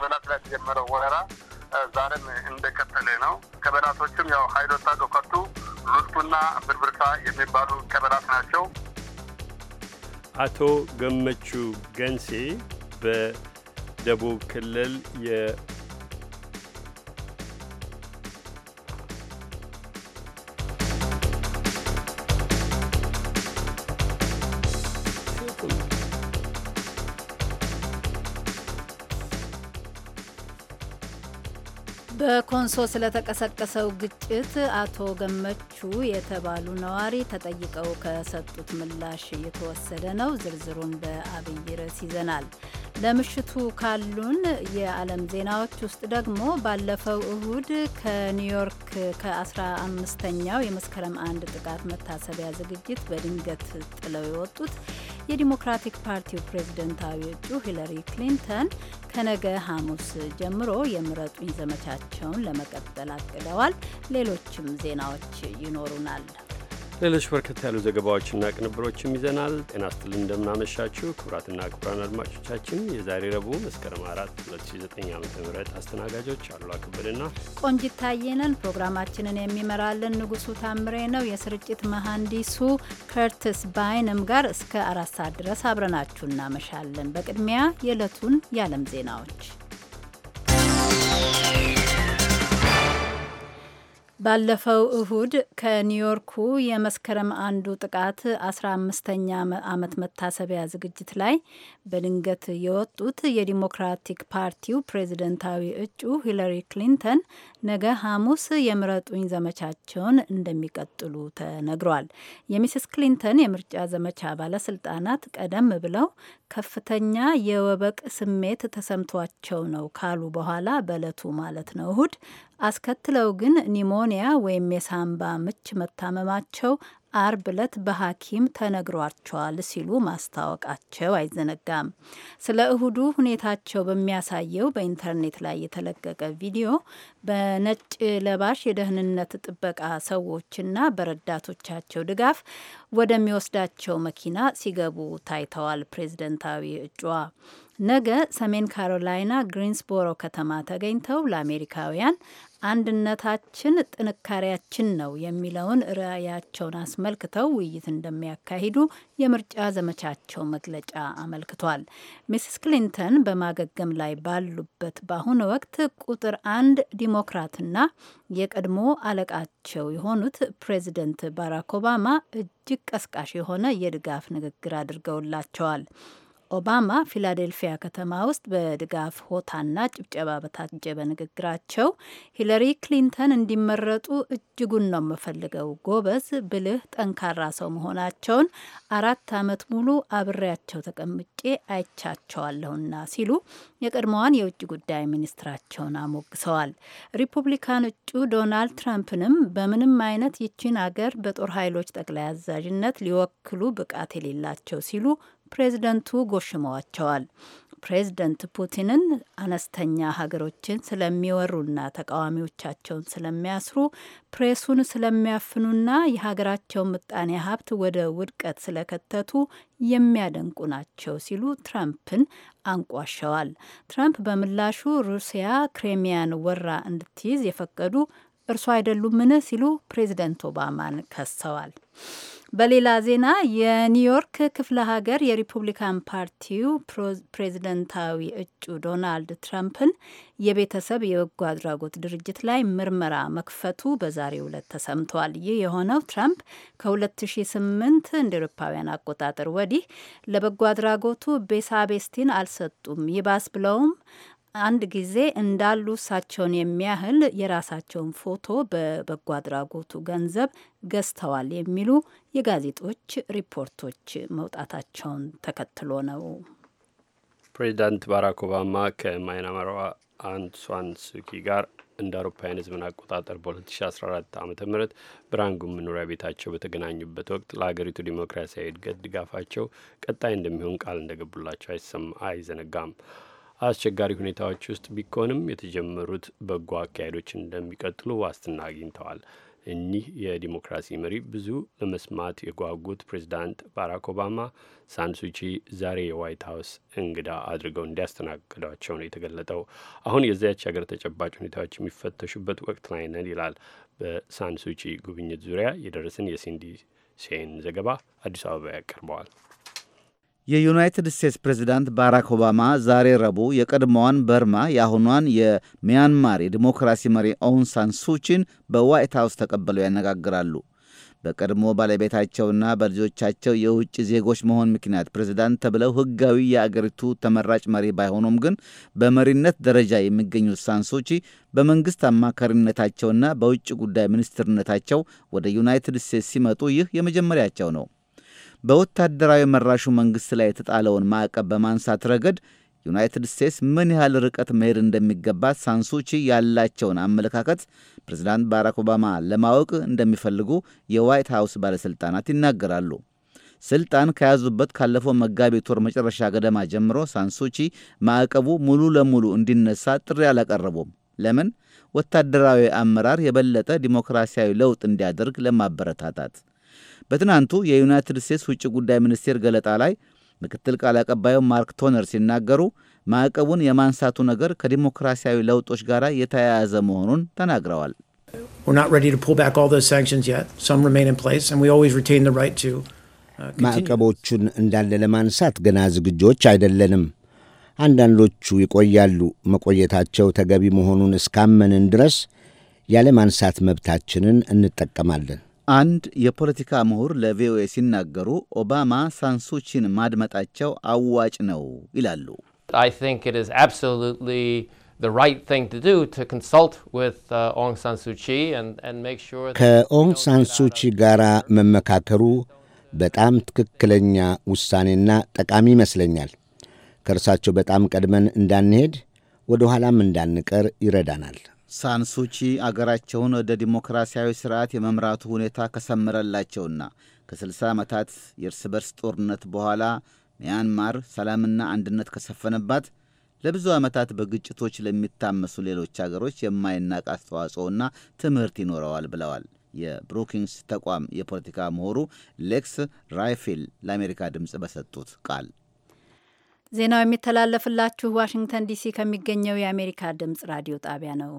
ከበላት ላይ የተጀመረው ወረራ ዛሬም እንደቀጠለ ነው። ከበላቶችም ያው ሀይሎታ፣ ከቱ ሉልቱና ብርብርታ የሚባሉ ከበላት ናቸው። አቶ ገመቹ ገንሴ በደቡብ ክልል በኮንሶ ስለተቀሰቀሰው ግጭት አቶ ገመቹ የተባሉ ነዋሪ ተጠይቀው ከሰጡት ምላሽ እየተወሰደ ነው። ዝርዝሩን በአብይ ርዕስ ይዘናል። ለምሽቱ ካሉን የዓለም ዜናዎች ውስጥ ደግሞ ባለፈው እሁድ ከኒውዮርክ ከ15ኛው የመስከረም አንድ ጥቃት መታሰቢያ ዝግጅት በድንገት ጥለው የወጡት የዲሞክራቲክ ፓርቲው ፕሬዝደንታዊ እጩ ሂለሪ ክሊንተን ከነገ ሐሙስ ጀምሮ የምረጡኝ ዘመቻቸውን ለመቀጠል አቅደዋል። ሌሎችም ዜናዎች ይኖሩናል። ሌሎች በርከት ያሉ ዘገባዎችና ቅንብሮችም ይዘናል። ጤና ይስጥልኝ፣ እንደምናመሻችሁ ክቡራትና ክቡራን አድማጮቻችን የዛሬ ረቡዕ መስከረም 4 2009 ዓ ም አስተናጋጆች አሉላ ከበደና ቆንጂት ታየ ፕሮግራማችንን የሚመራልን ንጉሱ ታምሬ ነው። የስርጭት መሐንዲሱ ከርትስ ባይንም ጋር እስከ አራት ሰዓት ድረስ አብረናችሁ እናመሻለን። በቅድሚያ የዕለቱን የዓለም ዜናዎች ባለፈው እሁድ ከኒውዮርኩ የመስከረም አንዱ ጥቃት አስራ አምስተኛ ዓመት መታሰቢያ ዝግጅት ላይ በድንገት የወጡት የዲሞክራቲክ ፓርቲው ፕሬዝደንታዊ እጩ ሂለሪ ክሊንተን ነገ ሐሙስ የምረጡኝ ዘመቻቸውን እንደሚቀጥሉ ተነግሯል። የሚስስ ክሊንተን የምርጫ ዘመቻ ባለስልጣናት ቀደም ብለው ከፍተኛ የወበቅ ስሜት ተሰምቷቸው ነው ካሉ በኋላ በእለቱ ማለት ነው እሁድ አስከትለው ግን ኒሞኒያ ወይም የሳምባ ምች መታመማቸው አርብ ዕለት በሐኪም ተነግሯቸዋል ሲሉ ማስታወቃቸው አይዘነጋም። ስለ እሁዱ ሁኔታቸው በሚያሳየው በኢንተርኔት ላይ የተለቀቀ ቪዲዮ በነጭ ለባሽ የደህንነት ጥበቃ ሰዎችና በረዳቶቻቸው ድጋፍ ወደሚወስዳቸው መኪና ሲገቡ ታይተዋል። ፕሬዝደንታዊ እጩዋ ነገ ሰሜን ካሮላይና ግሪንስቦሮ ከተማ ተገኝተው ለአሜሪካውያን አንድነታችን ጥንካሬያችን ነው የሚለውን ራዕያቸውን አስመልክተው ውይይት እንደሚያካሂዱ የምርጫ ዘመቻቸው መግለጫ አመልክቷል። ሚስስ ክሊንተን በማገገም ላይ ባሉበት በአሁኑ ወቅት ቁጥር አንድ ዲሞክራትና የቀድሞ አለቃቸው የሆኑት ፕሬዚደንት ባራክ ኦባማ እጅግ ቀስቃሽ የሆነ የድጋፍ ንግግር አድርገውላቸዋል። ኦባማ ፊላዴልፊያ ከተማ ውስጥ በድጋፍ ሆታና ጭብጨባ በታጀበ ንግግራቸው ሂለሪ ክሊንተን እንዲመረጡ እጅጉን ነው የምፈልገው፣ ጎበዝ፣ ብልህ፣ ጠንካራ ሰው መሆናቸውን አራት ዓመት ሙሉ አብሬያቸው ተቀምጬ አይቻቸዋለሁና ሲሉ የቀድሞዋን የውጭ ጉዳይ ሚኒስትራቸውን አሞግሰዋል። ሪፑብሊካን እጩ ዶናልድ ትራምፕንም በምንም አይነት ይችን አገር በጦር ኃይሎች ጠቅላይ አዛዥነት ሊወክሉ ብቃት የሌላቸው ሲሉ ፕሬዝደንቱ ጎሽመዋቸዋል። ፕሬዝደንት ፑቲንን አነስተኛ ሀገሮችን ስለሚወሩና ተቃዋሚዎቻቸውን ስለሚያስሩ ፕሬሱን ስለሚያፍኑና የሀገራቸው ምጣኔ ሀብት ወደ ውድቀት ስለከተቱ የሚያደንቁ ናቸው ሲሉ ትራምፕን አንቋሸዋል። ትራምፕ በምላሹ ሩሲያ ክሬሚያን ወራ እንድትይዝ የፈቀዱ እርሶ አይደሉምን ሲሉ ፕሬዝደንት ኦባማን ከሰዋል። በሌላ ዜና የኒውዮርክ ክፍለ ሀገር የሪፑብሊካን ፓርቲው ፕሬዝደንታዊ እጩ ዶናልድ ትራምፕን የቤተሰብ የበጎ አድራጎት ድርጅት ላይ ምርመራ መክፈቱ በዛሬው ዕለት ተሰምቷል። ይህ የሆነው ትራምፕ ከ2008 እንደ ኤሮፓውያን አቆጣጠር ወዲህ ለበጎ አድራጎቱ ቤሳቤስቲን አልሰጡም ይባስ ብለውም አንድ ጊዜ እንዳሉ እሳቸውን የሚያህል የራሳቸውን ፎቶ በበጎ አድራጎቱ ገንዘብ ገዝተዋል የሚሉ የጋዜጦች ሪፖርቶች መውጣታቸውን ተከትሎ ነው። ፕሬዚዳንት ባራክ ኦባማ ከማይናማሯ አንግ ሱኪ ጋር እንደ አውሮፓውያን ሕዝብን አቆጣጠር በ2014 ዓ ም በራንጉን መኖሪያ ቤታቸው በተገናኙበት ወቅት ለሀገሪቱ ዲሞክራሲያዊ እድገት ድጋፋቸው ቀጣይ እንደሚሆን ቃል እንደገቡላቸው አይዘነጋም። አስቸጋሪ ሁኔታዎች ውስጥ ቢኮንም የተጀመሩት በጎ አካሄዶች እንደሚቀጥሉ ዋስትና አግኝተዋል። እኒህ የዲሞክራሲ መሪ ብዙ ለመስማት የጓጉት ፕሬዚዳንት ባራክ ኦባማ ሳንሱቺ ዛሬ የዋይት ሀውስ እንግዳ አድርገው እንዲያስተናግዷቸው ነው የተገለጠው። አሁን የዚያች ሀገር ተጨባጭ ሁኔታዎች የሚፈተሹበት ወቅት ላይ ነን ይላል በሳንሱቺ ጉብኝት ዙሪያ የደረሰን የሲንዲ ሴን ዘገባ አዲስ አበባ ያቀርበዋል። የዩናይትድ ስቴትስ ፕሬዚዳንት ባራክ ኦባማ ዛሬ ረቡዕ የቀድሞዋን በርማ የአሁኗን የሚያንማር የዲሞክራሲ መሪ ኦንሳን ሱቺን በዋይት ሃውስ ተቀብለው ያነጋግራሉ። በቀድሞ ባለቤታቸውና በልጆቻቸው የውጭ ዜጎች መሆን ምክንያት ፕሬዚዳንት ተብለው ሕጋዊ የአገሪቱ ተመራጭ መሪ ባይሆኑም ግን በመሪነት ደረጃ የሚገኙት ሳንሱቺ በመንግሥት አማካሪነታቸውና በውጭ ጉዳይ ሚኒስትርነታቸው ወደ ዩናይትድ ስቴትስ ሲመጡ ይህ የመጀመሪያቸው ነው። በወታደራዊ መራሹ መንግሥት ላይ የተጣለውን ማዕቀብ በማንሳት ረገድ ዩናይትድ ስቴትስ ምን ያህል ርቀት መሄድ እንደሚገባ ሳንሱቺ ያላቸውን አመለካከት ፕሬዝዳንት ባራክ ኦባማ ለማወቅ እንደሚፈልጉ የዋይት ሃውስ ባለሥልጣናት ይናገራሉ። ስልጣን ከያዙበት ካለፈው መጋቢት ወር መጨረሻ ገደማ ጀምሮ ሳንሱቺ ማዕቀቡ ሙሉ ለሙሉ እንዲነሳ ጥሪ አላቀረቡም። ለምን? ወታደራዊ አመራር የበለጠ ዲሞክራሲያዊ ለውጥ እንዲያደርግ ለማበረታታት። በትናንቱ የዩናይትድ ስቴትስ ውጭ ጉዳይ ሚኒስቴር ገለጣ ላይ ምክትል ቃል አቀባዩ ማርክ ቶነር ሲናገሩ ማዕቀቡን የማንሳቱ ነገር ከዲሞክራሲያዊ ለውጦች ጋር የተያያዘ መሆኑን ተናግረዋል። uh, ማዕቀቦቹን እንዳለ ለማንሳት ገና ዝግጆች አይደለንም። አንዳንዶቹ ይቆያሉ። መቆየታቸው ተገቢ መሆኑን እስካመንን ድረስ ያለ ማንሳት መብታችንን እንጠቀማለን። አንድ የፖለቲካ ምሁር ለቪኦኤ ሲናገሩ ኦባማ ሳንሱቺን ማድመጣቸው አዋጭ ነው ይላሉ። ከኦንግ ሳንሱቺ ጋር መመካከሩ በጣም ትክክለኛ ውሳኔና ጠቃሚ ይመስለኛል። ከእርሳቸው በጣም ቀድመን እንዳንሄድ ወደ ኋላም እንዳንቀር ይረዳናል። ሳንሱቺ አገራቸውን ወደ ዲሞክራሲያዊ ስርዓት የመምራቱ ሁኔታ ከሰመረላቸውና ከ60 ዓመታት የእርስ በርስ ጦርነት በኋላ ሚያንማር ሰላምና አንድነት ከሰፈነባት ለብዙ ዓመታት በግጭቶች ለሚታመሱ ሌሎች አገሮች የማይናቅ አስተዋጽኦና ትምህርት ይኖረዋል ብለዋል። የብሩኪንግስ ተቋም የፖለቲካ ምሁሩ ሌክስ ራይፊል ለአሜሪካ ድምፅ በሰጡት ቃል ዜናው የሚተላለፍላችሁ ዋሽንግተን ዲሲ ከሚገኘው የአሜሪካ ድምጽ ራዲዮ ጣቢያ ነው።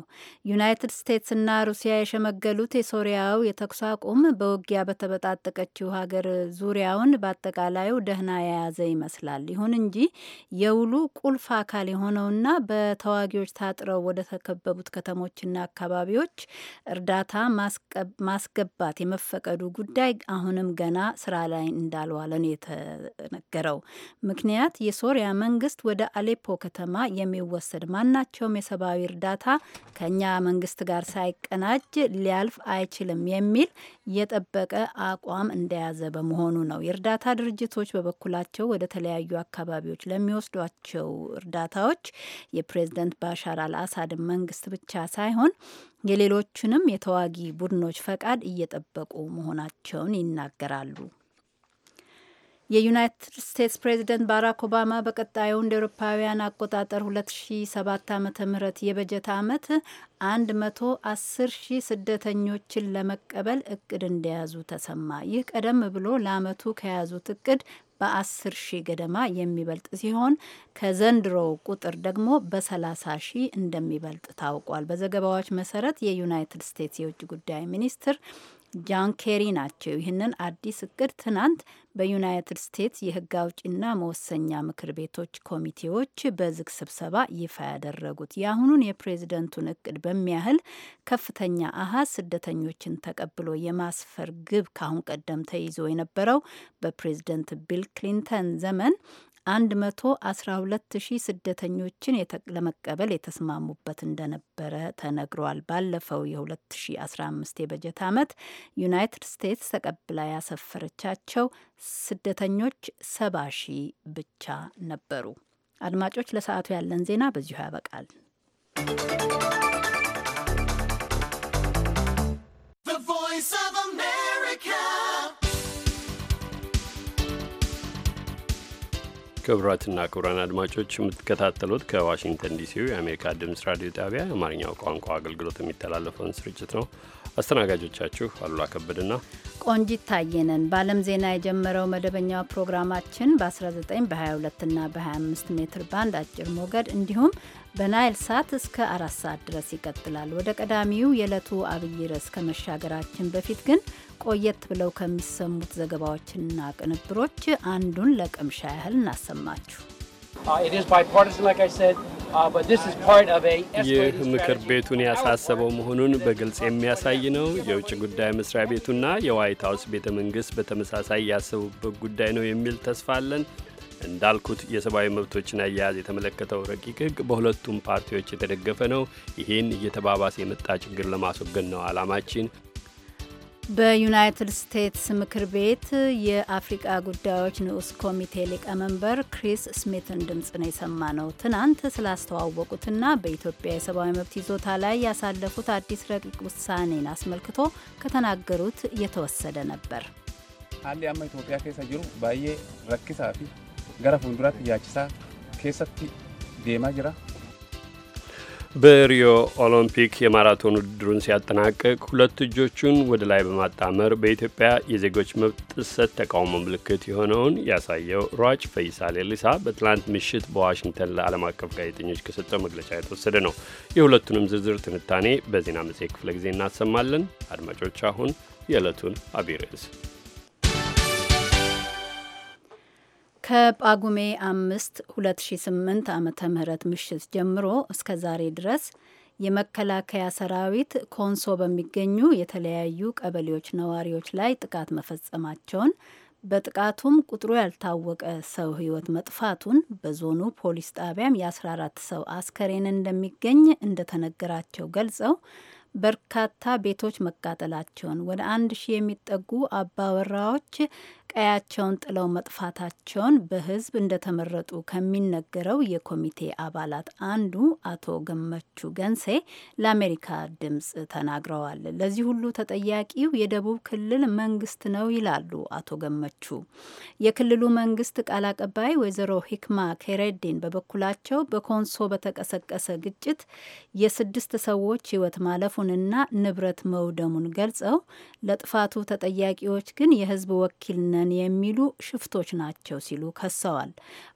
ዩናይትድ ስቴትስና ሩሲያ የሸመገሉት የሶሪያው የተኩስ አቁም በውጊያ በተበጣጠቀችው ሀገር ዙሪያውን በአጠቃላዩ ደህና የያዘ ይመስላል። ይሁን እንጂ የውሉ ቁልፍ አካል የሆነውና በተዋጊዎች ታጥረው ወደ ተከበቡት ከተሞችና አካባቢዎች እርዳታ ማስገባት የመፈቀዱ ጉዳይ አሁንም ገና ስራ ላይ እንዳልዋለ ነው የተነገረው። ምክንያት የሶሪያ የሶሪያ መንግስት ወደ አሌፖ ከተማ የሚወሰድ ማናቸውም የሰብአዊ እርዳታ ከእኛ መንግስት ጋር ሳይቀናጅ ሊያልፍ አይችልም የሚል የጠበቀ አቋም እንደያዘ በመሆኑ ነው። የእርዳታ ድርጅቶች በበኩላቸው ወደ ተለያዩ አካባቢዎች ለሚወስዷቸው እርዳታዎች የፕሬዝደንት ባሻር አልአሳድን መንግስት ብቻ ሳይሆን የሌሎችንም የተዋጊ ቡድኖች ፈቃድ እየጠበቁ መሆናቸውን ይናገራሉ። የዩናይትድ ስቴትስ ፕሬዚደንት ባራክ ኦባማ በቀጣዩ እንደ ኤሮፓውያን አቆጣጠር 2007 ዓ ም የበጀት ዓመት 110 ሺህ ስደተኞችን ለመቀበል እቅድ እንደያዙ ተሰማ። ይህ ቀደም ብሎ ለአመቱ ከያዙት እቅድ በ10 ሺህ ገደማ የሚበልጥ ሲሆን ከዘንድሮው ቁጥር ደግሞ በ30 ሺህ እንደሚበልጥ ታውቋል። በዘገባዎች መሰረት የዩናይትድ ስቴትስ የውጭ ጉዳይ ሚኒስትር ጃን ኬሪ ናቸው ይህንን አዲስ እቅድ ትናንት በዩናይትድ ስቴትስ የህግ አውጪና መወሰኛ ምክር ቤቶች ኮሚቴዎች በዝግ ስብሰባ ይፋ ያደረጉት። የአሁኑን የፕሬዝደንቱን እቅድ በሚያህል ከፍተኛ አሃዝ ስደተኞችን ተቀብሎ የማስፈር ግብ ካሁን ቀደም ተይዞ የነበረው በፕሬዝደንት ቢል ክሊንተን ዘመን 112,000 ስደተኞችን ለመቀበል የተስማሙበት እንደነበረ ተነግሯል። ባለፈው የ2015 የበጀት ዓመት ዩናይትድ ስቴትስ ተቀብላ ያሰፈረቻቸው ስደተኞች 70 ሺህ ብቻ ነበሩ። አድማጮች፣ ለሰዓቱ ያለን ዜና በዚሁ ያበቃል። ክቡራትና ክቡራን አድማጮች የምትከታተሉት ከዋሽንግተን ዲሲው የአሜሪካ ድምፅ ራዲዮ ጣቢያ የአማርኛው ቋንቋ አገልግሎት የሚተላለፈውን ስርጭት ነው። አስተናጋጆቻችሁ አሉላ ከበድና ቆንጂት ታየነን። በዓለም ዜና የጀመረው መደበኛው ፕሮግራማችን በ19 በ22 እና በ25 ሜትር ባንድ አጭር ሞገድ እንዲሁም በናይል ሳት እስከ አራት ሰዓት ድረስ ይቀጥላል። ወደ ቀዳሚው የዕለቱ አብይ ርዕስ ከመሻገራችን በፊት ግን ቆየት ብለው ከሚሰሙት ዘገባዎችና ቅንብሮች አንዱን ለቅምሻ ያህል እናሰማችሁ። Uh, uh, ይህ ምክር ቤቱን ያሳሰበው መሆኑን በግልጽ የሚያሳይ ነው። የውጭ ጉዳይ መስሪያ ቤቱና የዋይት ሀውስ ቤተ መንግስት በተመሳሳይ ያሰቡበት ጉዳይ ነው የሚል ተስፋ አለን። እንዳልኩት የሰብአዊ መብቶችን አያያዝ የተመለከተው ረቂቅ ህግ በሁለቱም ፓርቲዎች የተደገፈ ነው። ይህን እየተባባሰ የመጣ ችግር ለማስወገድ ነው አላማችን። በዩናይትድ ስቴትስ ምክር ቤት የአፍሪቃ ጉዳዮች ንዑስ ኮሚቴ ሊቀመንበር ክሪስ ስሚትን ድምፅ ነው ነው። ትናንት ስላስተዋወቁትና በኢትዮጵያ የሰብአዊ መብት ይዞታ ላይ ያሳለፉት አዲስ ረቂቅ ውሳኔን አስመልክቶ ከተናገሩት የተወሰደ ነበር። አንድ ያማ ኢትዮጵያ ከሳ ጅሩ ባዬ ረኪሳ ፊ ገረ ፉንዱራት ያችሳ ዴማ ጅራ በሪዮ ኦሎምፒክ የማራቶን ውድድሩን ሲያጠናቅቅ ሁለት እጆቹን ወደ ላይ በማጣመር በኢትዮጵያ የዜጎች መብት ጥሰት ተቃውሞ ምልክት የሆነውን ያሳየው ሯጭ ፈይሳ ሌሊሳ በትላንት ምሽት በዋሽንግተን ለዓለም አቀፍ ጋዜጠኞች ከሰጠው መግለጫ የተወሰደ ነው። የሁለቱንም ዝርዝር ትንታኔ በዜና መጽሔት ክፍለ ጊዜ እናሰማለን። አድማጮች፣ አሁን የዕለቱን አብይ ርዕስ ከጳጉሜ አምስት 2008 ዓመተ ምህረት ምሽት ጀምሮ እስከ ዛሬ ድረስ የመከላከያ ሰራዊት ኮንሶ በሚገኙ የተለያዩ ቀበሌዎች ነዋሪዎች ላይ ጥቃት መፈጸማቸውን በጥቃቱም ቁጥሩ ያልታወቀ ሰው ሕይወት መጥፋቱን በዞኑ ፖሊስ ጣቢያም የ14 ሰው አስከሬን እንደሚገኝ እንደተነገራቸው ገልጸው በርካታ ቤቶች መቃጠላቸውን ወደ አንድ ሺህ የሚጠጉ አባወራዎች ቀያቸውን ጥለው መጥፋታቸውን በህዝብ እንደተመረጡ ከሚነገረው የኮሚቴ አባላት አንዱ አቶ ገመቹ ገንሴ ለአሜሪካ ድምፅ ተናግረዋል። ለዚህ ሁሉ ተጠያቂው የደቡብ ክልል መንግስት ነው ይላሉ አቶ ገመቹ። የክልሉ መንግስት ቃል አቀባይ ወይዘሮ ሂክማ ኬሬዲን በበኩላቸው በኮንሶ በተቀሰቀሰ ግጭት የስድስት ሰዎች ህይወት ማለፉንና ንብረት መውደሙን ገልጸው ለጥፋቱ ተጠያቂዎች ግን የህዝብ ወኪል ነ ነን የሚሉ ሽፍቶች ናቸው ሲሉ ከሰዋል።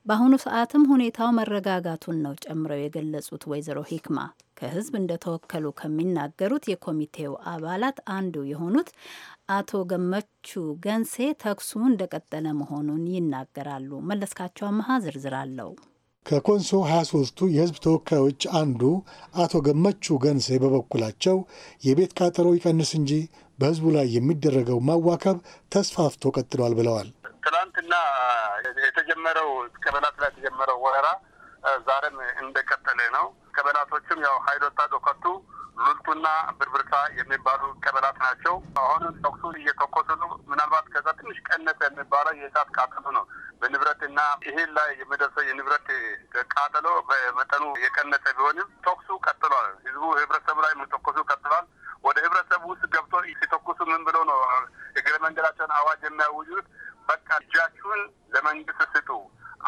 በአሁኑ ሰዓትም ሁኔታው መረጋጋቱን ነው ጨምረው የገለጹት ወይዘሮ ሂክማ ከህዝብ እንደተወከሉ ከሚናገሩት የኮሚቴው አባላት አንዱ የሆኑት አቶ ገመቹ ገንሴ ተኩሱ እንደቀጠለ መሆኑን ይናገራሉ። መለስካቸው አመሃ ዝርዝር አለው። ከኮንሶ 23ቱ የህዝብ ተወካዮች አንዱ አቶ ገመቹ ገንሴ በበኩላቸው የቤት ቃጠሎ ይቀንስ እንጂ በህዝቡ ላይ የሚደረገው ማዋከብ ተስፋፍቶ ቀጥሏል ብለዋል። ትናንትና የተጀመረው ቀበላት ላይ የተጀመረው ወረራ ዛሬም እንደቀጠለ ነው። ቀበላቶችም ያው ሀይሎታ፣ ዶከቱ፣ ሉልቱና ብርብርታ የሚባሉ ቀበላት ናቸው። አሁንም ተኩሱ እየተኮሱ ነው። ምናልባት ከዛ ትንሽ ቀነሰ የሚባለው የእሳት ቃጠሎ ነው። በንብረትና ይሄን ላይ የሚደርሰው የንብረት ቃጠሎ በመጠኑ የቀነሰ ቢሆንም ተኩሱ ቀጥሏል። ህዝቡ ህብረተሰቡ ላይ መተኮሱ ቀጥሏል። ወደ ህብረተሰቡ ውስጥ ገብቶ ሲተኩሱ ምን ብሎ ነው እግረ መንገዳቸውን አዋጅ የሚያውጁት? በቃ እጃችሁን ለመንግስት ስጡ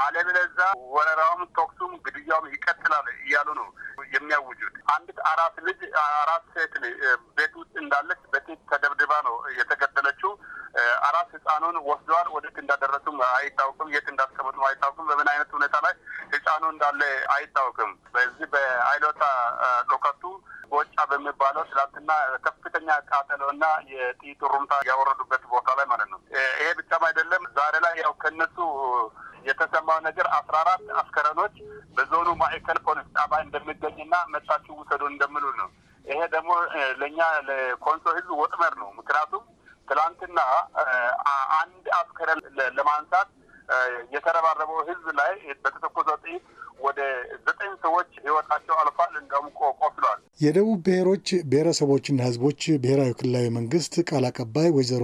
አለበለዛ ወረራውም ተኩሱም ግድያውም ይቀጥላል እያሉ ነው የሚያውጁት። አንዲት አራት ልጅ አራት ሴት ቤት ውስጥ እንዳለች በጥይት ተደብድባ ነው የተገደለችው። አራት ህፃኑን ወስደዋል። ወዴት እንዳደረሱም አይታወቅም። የት እንዳስቀመጡም አይታወቅም። በምን አይነት ሁኔታ ላይ ህፃኑ እንዳለ አይታወቅም። በዚህ በአይሎታ ሎከቱ ቦጫ በሚባለው ትላንትና ከፍተኛ ቃጠሎና የጥይት ሩምታ ያወረዱበት ቦታ ላይ ማለት ነው። ይሄ ብቻም አይደለም። ዛሬ ላይ ያው ከነሱ የተሰማው ነገር አስራ አራት አስከረኖች በዞኑ ማዕከል ፖሊስ ጣቢያ እንደሚገኝና መጣችሁ ውሰዱ እንደምሉ ነው። ይሄ ደግሞ ለእኛ ለኮንሶ ህዝብ ወጥመር ነው። ምክንያቱም ትላንትና አንድ አስከረን ለማንሳት የተረባረበው ህዝብ ላይ በተተኮሰው ጥይት ወደ ዘጠኝ ሰዎች ህይወታቸው አልፏል፣ እንደውም ቆስሏል። የደቡብ ብሔሮች ብሔረሰቦችና ህዝቦች ብሔራዊ ክልላዊ መንግስት ቃል አቀባይ ወይዘሮ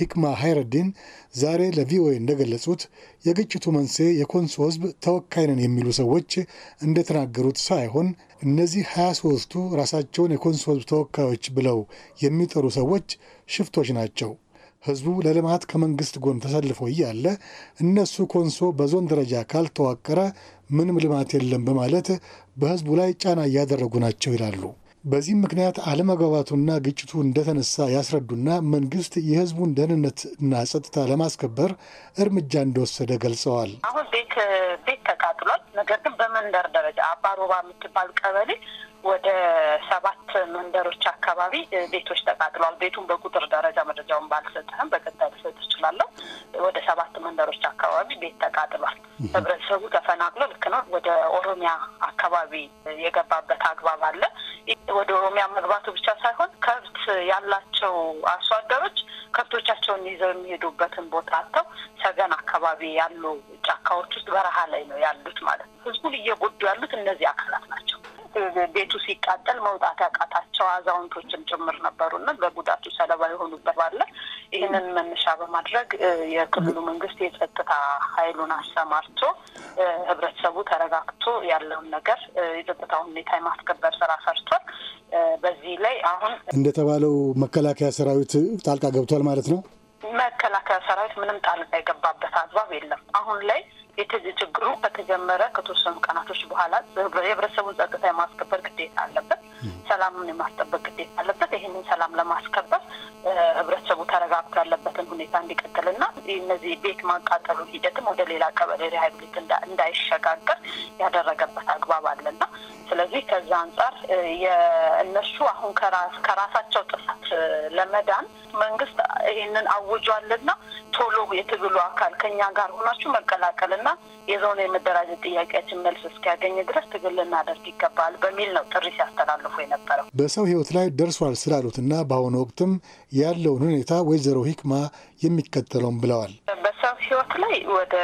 ሂክማ ሀይረዲን ዛሬ ለቪኦኤ እንደገለጹት የግጭቱ መንስኤ የኮንሶ ህዝብ ተወካይ ነን የሚሉ ሰዎች እንደተናገሩት ሳይሆን እነዚህ ሀያ ሶስቱ ራሳቸውን የኮንሶ ህዝብ ተወካዮች ብለው የሚጠሩ ሰዎች ሽፍቶች ናቸው። ህዝቡ ለልማት ከመንግስት ጎን ተሰልፎ እያለ እነሱ ኮንሶ በዞን ደረጃ ካልተዋቀረ ምንም ልማት የለም በማለት በህዝቡ ላይ ጫና እያደረጉ ናቸው ይላሉ። በዚህም ምክንያት አለመግባባቱና ግጭቱ እንደተነሳ ያስረዱና መንግስት የህዝቡን ደህንነትና ጸጥታ ለማስከበር እርምጃ እንደወሰደ ገልጸዋል። አሁን ቤት ቤት ተቃጥሏል። ነገር ግን በመንደር ደረጃ አባሮባ የምትባል ቀበሌ ወደ ሰባት መንደሮች አካባቢ ቤቶች ተቃጥለዋል። ቤቱን በቁጥር ደረጃ መረጃውን ባልሰጥህም በቀጣይ ልሰጥ እችላለሁ። ወደ ሰባት መንደሮች አካባቢ ቤት ተቃጥሏል። ህብረተሰቡ ተፈናቅሎ ልክ ነው ወደ ኦሮሚያ አካባቢ የገባበት አግባብ አለ። ወደ ኦሮሚያ መግባቱ ብቻ ሳይሆን ከብት ያላቸው አርሶ አደሮች ከብቶቻቸውን ይዘው የሚሄዱበትን ቦታ አጥተው ሰገን አካባቢ ያሉ ጫካዎች ውስጥ በረሃ ላይ ነው ያሉት ማለት ነው። ህዝቡን እየጎዱ ያሉት እነዚህ አካላት ናቸው። ቤቱ ሲቃጠል መውጣት ያቃታቸው አዛውንቶችን ጭምር ነበሩና በጉዳቱ ሰለባ የሆኑበት ባለ ይህንን መነሻ በማድረግ የክልሉ መንግስት የጸጥታ ኃይሉን አሰማርቶ ህብረተሰቡ ተረጋግቶ ያለውን ነገር የጸጥታውን ሁኔታ የማስከበር ስራ ሰርቷል። በዚህ ላይ አሁን እንደተባለው መከላከያ ሰራዊት ጣልቃ ገብቷል ማለት ነው። መከላከያ ሰራዊት ምንም ጣልቃ የገባበት አግባብ የለም። አሁን ላይ ችግሩ ከተጀመረ ከተወሰኑ ቀናቶች በኋላ የህብረተሰቡን ጸጥታ የማስከበር ግዴታ አለበት፣ ሰላሙን የማስጠበቅ ግዴታ አለበት። ይህንን ሰላም ለማስከበር ህብረተሰቡ ተረጋግቶ ያለበትን ሁኔታ እንዲቀጥልና እነዚህ ቤት ማቃጠሉ ሂደትም ወደ ሌላ ቀበሌ ሪሃብሊት እንዳይሸጋገር ያደረገበት አግባብ አለና ስለዚህ ከዛ አንጻር የእነሱ አሁን ከራሳቸው ጥፋት ለመዳን መንግስት ይህንን አውጇልና ቶሎ የትግሉ አካል ከኛ ጋር ሆናችሁ መቀላቀል እና የዞን የመደራጀት ጥያቄያችን መልስ እስኪያገኝ ድረስ ትግል ልናደርግ ይገባል በሚል ነው ጥሪ ሲያስተላልፉ የነበረው። በሰው ህይወት ላይ ደርሷል ስላሉትና በአሁኑ ወቅትም ያለውን ሁኔታ ወይዘሮ ሂክማ የሚከተለውን ብለዋል። በሰው ህይወት ላይ ወደ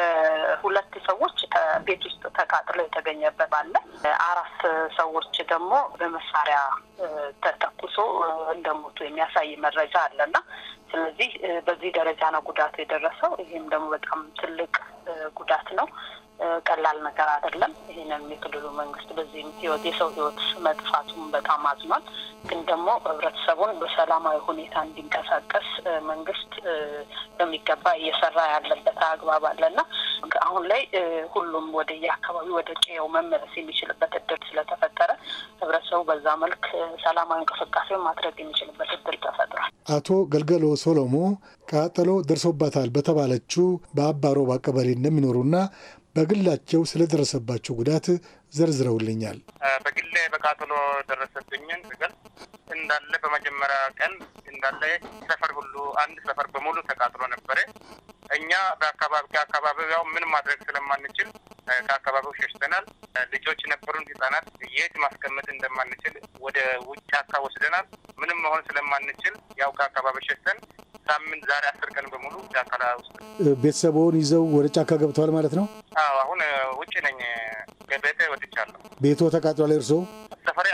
ሁለት ሰዎች ቤት ውስጥ ተቃጥሎ የተገኘበት አለ። አራት ሰዎች ደግሞ በመሳሪያ ተተኩሶ እንደሞቱ የሚያሳይ መረጃ አለና ስለዚህ በዚህ ደረጃ ነው ጉዳቱ የደረሰው። ይህም ደግሞ በጣም ትልቅ ጉዳት ነው። ቀላል ነገር አይደለም። ይህንን የክልሉ መንግስት በዚህም ህይወት የሰው ህይወት መጥፋቱን በጣም አዝኗል። ግን ደግሞ ህብረተሰቡን በሰላማዊ ሁኔታ እንዲንቀሳቀስ መንግስት በሚገባ እየሰራ ያለበት አግባብ አለና አሁን ላይ ሁሉም ወደ የአካባቢ ወደ ቄው መመለስ የሚችልበት እድል ስለተፈጠረ ህብረተሰቡ በዛ መልክ ሰላማዊ እንቅስቃሴ ማድረግ የሚችልበት እድል ተፈጥሯል። አቶ ገልገሎ ሶሎሞ ቃጠሎ ደርሶባታል በተባለችው በአባሮባ ቀበሌ እንደሚኖሩና በግላቸው ስለደረሰባቸው ጉዳት ዘርዝረውልኛል። በግሌ በቃጠሎ ደረሰብኝን ስገልጽ እንዳለ በመጀመሪያ ቀን እንዳለ ሰፈር ሁሉ አንድ ሰፈር በሙሉ ተቃጥሎ ነበረ። እኛ በአካባቢ ከአካባቢው ያው ምን ማድረግ ስለማንችል ከአካባቢው ሸሽተናል። ልጆች የነበሩን ህጻናት የት ማስቀመጥ እንደማንችል ወደ ውጭ ጫካ ወስደናል። ምንም መሆን ስለማንችል ያው ከአካባቢ ሸሽተን ሳምንት ዛሬ አስር ቀን በሙሉ ጫካላ ውስጥ ቤተሰቡን ይዘው ወደ ጫካ ገብተዋል ማለት ነው። አዎ አሁን ውጭ ነኝ፣ ከቤቴ ወጥቻለሁ። ቤቶ ተቃጥሏል። እርስዎ ሰፈሬ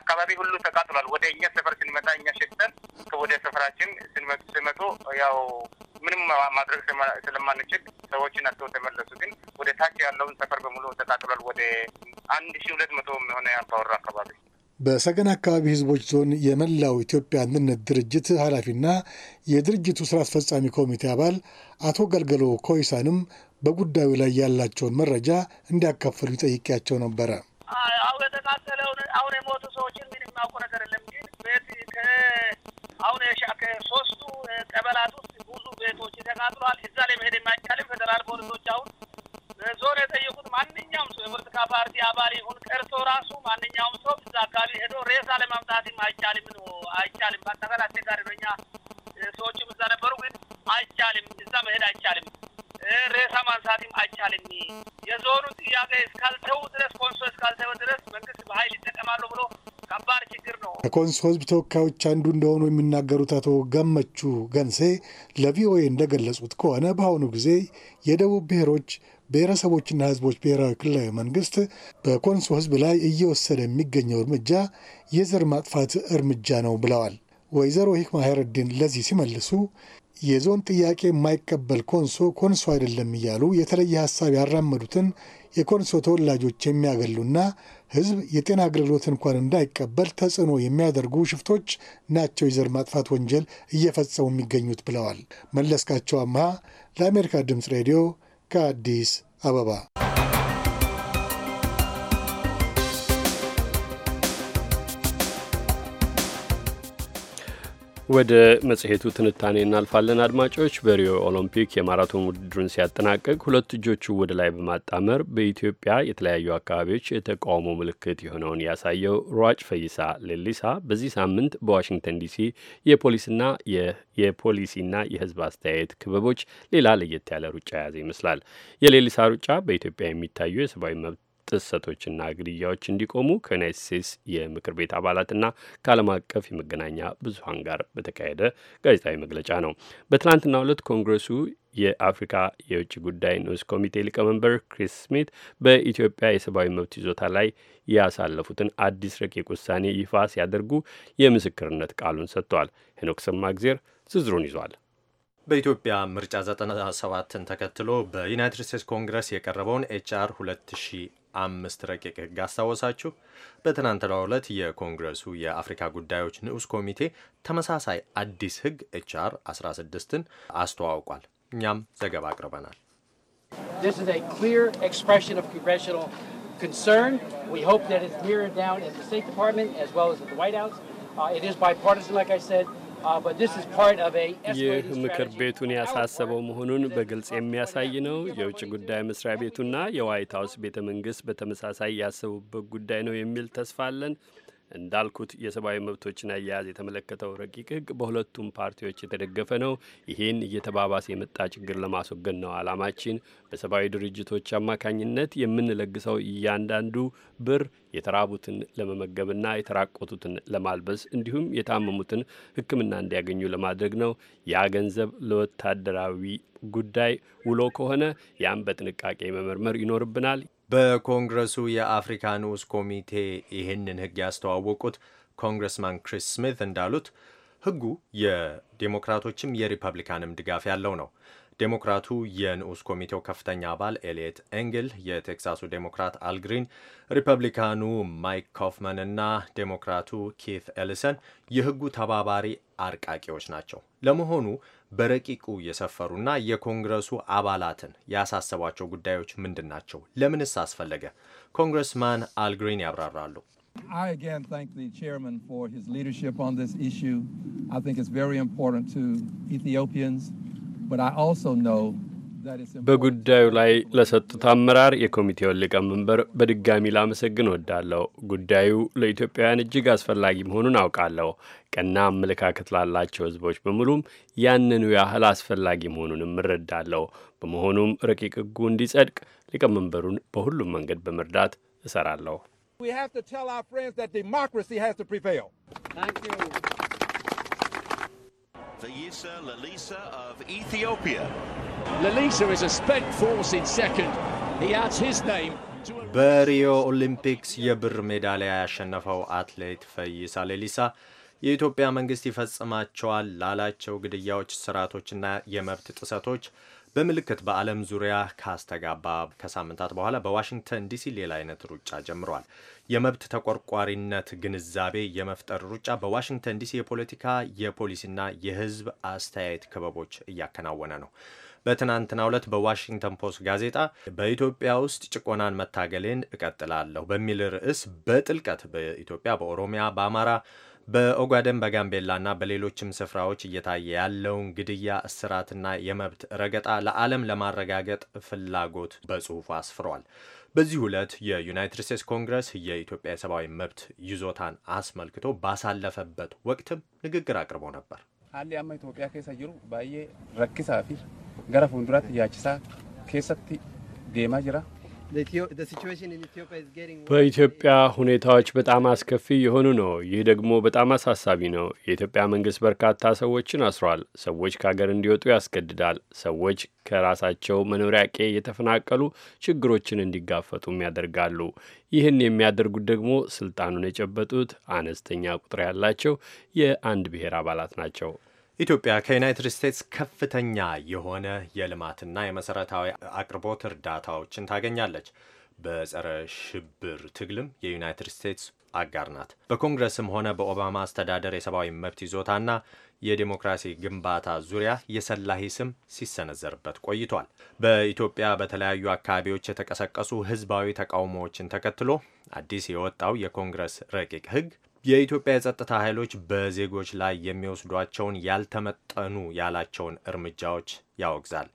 አካባቢ ሁሉ ተቃጥሏል። ወደ እኛ ሰፈር ስንመጣ እኛ ሸሽተን ወደ ሰፈራችን ስንመጡ ያው ምንም ማድረግ ስለማንችል ሰዎችን አቶ ተመለሱ። ግን ወደ ታች ያለውን ሰፈር በሙሉ ተቃጥሏል። ወደ አንድ ሺ ሁለት መቶ የሆነ አባወራ አካባቢ በሰገን አካባቢ ህዝቦች ዞን የመላው ኢትዮጵያ አንድነት ድርጅት ኃላፊና የድርጅቱ ስራ አስፈጻሚ ኮሚቴ አባል አቶ ገልገሎ ኮይሳንም በጉዳዩ ላይ ያላቸውን መረጃ እንዲያካፍሉ ጠይቄያቸው ነበረ። አሁ የተቃጠለውን አሁን የሞቱ ሰዎችን ምንም የማውቁ ነገር የለም። ግን ቤት አሁን የሻከ ሶስቱ ቀበላት ውስጥ ብዙ ቤቶች ተቃጥሏል። እዛ ላይ መሄድ የማይቻልም። ፌደራል ፖሊሶች አሁን ዞን የጠየቁት ማንኛውም ሰው የፖለቲካ ፓርቲ አባል ይሁን ቀርቶ ራሱ ማንኛውም ሰው እዛ አካባቢ ሄዶ ሬሳ ለማምጣትም አይቻልም ነው አይቻልም። በአጠቃላይ አስቸጋሪ ነው። እኛ ሰዎችም እዛ ነበሩ፣ ግን አይቻልም። እዛ መሄድ አይቻልም። ሬሳ ማንሳትም አይቻልም። የዞኑ ጥያቄ እስካልተው ድረስ ኮንሶ እስካልተው ድረስ መንግስት በሀይል ይጠቀማሉ ብሎ ከባድ ችግር ነው። ከኮንሶ ህዝብ ተወካዮች አንዱ እንደሆኑ የሚናገሩት አቶ ገመቹ ገንሴ ለቪኦኤ እንደገለጹት ከሆነ በአሁኑ ጊዜ የደቡብ ብሔሮች ብሔረሰቦችና ህዝቦች ብሔራዊ ክልላዊ መንግስት በኮንሶ ህዝብ ላይ እየወሰደ የሚገኘው እርምጃ የዘር ማጥፋት እርምጃ ነው ብለዋል። ወይዘሮ ሂክማ ሄረዲን ለዚህ ሲመልሱ የዞን ጥያቄ የማይቀበል ኮንሶ ኮንሶ አይደለም እያሉ የተለየ ሀሳብ ያራመዱትን የኮንሶ ተወላጆች የሚያገሉና ህዝብ የጤና አገልግሎት እንኳን እንዳይቀበል ተጽዕኖ የሚያደርጉ ሽፍቶች ናቸው የዘር ማጥፋት ወንጀል እየፈጸሙ የሚገኙት ብለዋል። መለስካቸው አምሃ ለአሜሪካ ድምፅ ሬዲዮ ከአዲስ አበባ ወደ መጽሔቱ ትንታኔ እናልፋለን። አድማጮች በሪዮ ኦሎምፒክ የማራቶን ውድድሩን ሲያጠናቅቅ። ሁለት እጆቹ ወደ ላይ በማጣመር በኢትዮጵያ የተለያዩ አካባቢዎች የተቃውሞ ምልክት የሆነውን ያሳየው ሯጭ ፈይሳ ሌሊሳ በዚህ ሳምንት በዋሽንግተን ዲሲ የፖሊስና የፖሊሲና የሕዝብ አስተያየት ክበቦች ሌላ ለየት ያለ ሩጫ የያዘ ይመስላል። የሌሊሳ ሩጫ በኢትዮጵያ የሚታዩ የሰብአዊ መብት ጥሰቶችና ግድያዎች እንዲቆሙ ከዩናይት ስቴትስ የምክር ቤት አባላትና ከዓለም አቀፍ የመገናኛ ብዙሀን ጋር በተካሄደ ጋዜጣዊ መግለጫ ነው። በትላንትናው ዕለት ኮንግረሱ የአፍሪካ የውጭ ጉዳይ ንዑስ ኮሚቴ ሊቀመንበር ክሪስ ስሚት በኢትዮጵያ የሰብአዊ መብት ይዞታ ላይ ያሳለፉትን አዲስ ረቂቅ ውሳኔ ይፋ ሲያደርጉ የምስክርነት ቃሉን ሰጥተዋል። ሄኖክ ሰማግዜር ዝርዝሩን ይዟል። በኢትዮጵያ ምርጫ 97ን ተከትሎ በዩናይትድ ስቴትስ ኮንግረስ የቀረበውን ኤችአር አምስት ረቂቅ ህግ አስታወሳችሁ። በትናንትናው ዕለት የኮንግረሱ የአፍሪካ ጉዳዮች ንዑስ ኮሚቴ ተመሳሳይ አዲስ ህግ ኤችአር 16ን አስተዋውቋል። እኛም ዘገባ አቅርበናል። This Uh, ይህ ምክር ቤቱን ያሳሰበው መሆኑን በግልጽ የሚያሳይ ነው። የውጭ ጉዳይ መስሪያ ቤቱና የዋይት ሀውስ ቤተ መንግስት በተመሳሳይ ያሰቡበት ጉዳይ ነው የሚል ተስፋ አለን። እንዳልኩት የሰብአዊ መብቶችን አያያዝ የተመለከተው ረቂቅ ህግ በሁለቱም ፓርቲዎች የተደገፈ ነው። ይህን እየተባባሰ የመጣ ችግር ለማስወገድ ነው አላማችን በሰብአዊ ድርጅቶች አማካኝነት የምንለግሰው እያንዳንዱ ብር የተራቡትን ለመመገብና የተራቆቱትን ለማልበስ እንዲሁም የታመሙትን ሕክምና እንዲያገኙ ለማድረግ ነው። ያ ገንዘብ ለወታደራዊ ጉዳይ ውሎ ከሆነ ያም በጥንቃቄ መመርመር ይኖርብናል። በኮንግረሱ የአፍሪካ ንዑስ ኮሚቴ ይህንን ህግ ያስተዋወቁት ኮንግረስማን ክሪስ ስሚት እንዳሉት ህጉ የዴሞክራቶችም የሪፐብሊካንም ድጋፍ ያለው ነው። ዴሞክራቱ የንዑስ ኮሚቴው ከፍተኛ አባል ኤልየት ኤንግል፣ የቴክሳሱ ዴሞክራት አልግሪን፣ ሪፐብሊካኑ ማይክ ኮፍመን እና ዴሞክራቱ ኬት ኤልሰን የህጉ ተባባሪ አርቃቂዎች ናቸው። ለመሆኑ በረቂቁ የሰፈሩና የኮንግረሱ አባላትን ያሳሰቧቸው ጉዳዮች ምንድን ናቸው? ለምንስ አስፈለገ? ኮንግረስማን አልግሪን ያብራራሉ። I again thank the chairman for his leadership on this issue. I think it's very important to Ethiopians. በጉዳዩ ላይ ለሰጡት አመራር የኮሚቴውን ሊቀመንበር በድጋሚ ላመሰግን ወዳለሁ። ጉዳዩ ለኢትዮጵያውያን እጅግ አስፈላጊ መሆኑን አውቃለሁ። ቀና አመለካከት ላላቸው ሕዝቦች በሙሉም ያንኑ ያህል አስፈላጊ መሆኑንም እረዳለሁ። በመሆኑም ረቂቅ ሕጉ እንዲጸድቅ ሊቀመንበሩን በሁሉም መንገድ በመርዳት እሰራለሁ። Vayisa Lalisa of Ethiopia. Lalisa is a spent force in second. He adds his name በሪዮ ኦሊምፒክስ የብር ሜዳሊያ ያሸነፈው አትሌት ፈይሳ ሌሊሳ የኢትዮጵያ መንግስት ይፈጽማቸዋል ላላቸው ግድያዎች፣ ስርዓቶችና የመብት ጥሰቶች በምልክት በዓለም ዙሪያ ካስተጋባ ከሳምንታት በኋላ በዋሽንግተን ዲሲ ሌላ አይነት ሩጫ ጀምሯል። የመብት ተቆርቋሪነት ግንዛቤ የመፍጠር ሩጫ በዋሽንግተን ዲሲ የፖለቲካ የፖሊሲና የሕዝብ አስተያየት ክበቦች እያከናወነ ነው። በትናንትናው ዕለት በዋሽንግተን ፖስት ጋዜጣ በኢትዮጵያ ውስጥ ጭቆናን መታገሌን እቀጥላለሁ በሚል ርዕስ በጥልቀት በኢትዮጵያ፣ በኦሮሚያ፣ በአማራ በኦጋደን በጋምቤላና በሌሎችም ስፍራዎች እየታየ ያለውን ግድያ፣ እስራትና የመብት ረገጣ ለዓለም ለማረጋገጥ ፍላጎት በጽሑፉ አስፍሯል። በዚህ ዕለት የዩናይትድ ስቴትስ ኮንግረስ የኢትዮጵያ የሰብአዊ መብት ይዞታን አስመልክቶ ባሳለፈበት ወቅትም ንግግር አቅርቦ ነበር። አንድ ያማ ኢትዮጵያ ኬሳ ጅሩ ባዬ ረኪሳ ፊ ገረ ፉንዱራት ያችሳ ዴማ ጅራ በኢትዮጵያ ሁኔታዎች በጣም አስከፊ የሆኑ ነው። ይህ ደግሞ በጣም አሳሳቢ ነው። የኢትዮጵያ መንግስት በርካታ ሰዎችን አስሯል። ሰዎች ከሀገር እንዲወጡ ያስገድዳል። ሰዎች ከራሳቸው መኖሪያ ቄ የተፈናቀሉ ችግሮችን እንዲጋፈጡም ያደርጋሉ። ይህን የሚያደርጉት ደግሞ ስልጣኑን የጨበጡት አነስተኛ ቁጥር ያላቸው የአንድ ብሔር አባላት ናቸው። ኢትዮጵያ ከዩናይትድ ስቴትስ ከፍተኛ የሆነ የልማትና የመሰረታዊ አቅርቦት እርዳታዎችን ታገኛለች። በጸረ ሽብር ትግልም የዩናይትድ ስቴትስ አጋር ናት። በኮንግረስም ሆነ በኦባማ አስተዳደር የሰብአዊ መብት ይዞታና የዴሞክራሲ ግንባታ ዙሪያ የሰላሂ ስም ሲሰነዘርበት ቆይቷል። በኢትዮጵያ በተለያዩ አካባቢዎች የተቀሰቀሱ ህዝባዊ ተቃውሞዎችን ተከትሎ አዲስ የወጣው የኮንግረስ ረቂቅ ህግ የኢትዮጵያ የጸጥታ ኃይሎች በዜጎች ላይ የሚወስዷቸውን ያልተመጠኑ ያላቸውን እርምጃዎች ያወግዛል።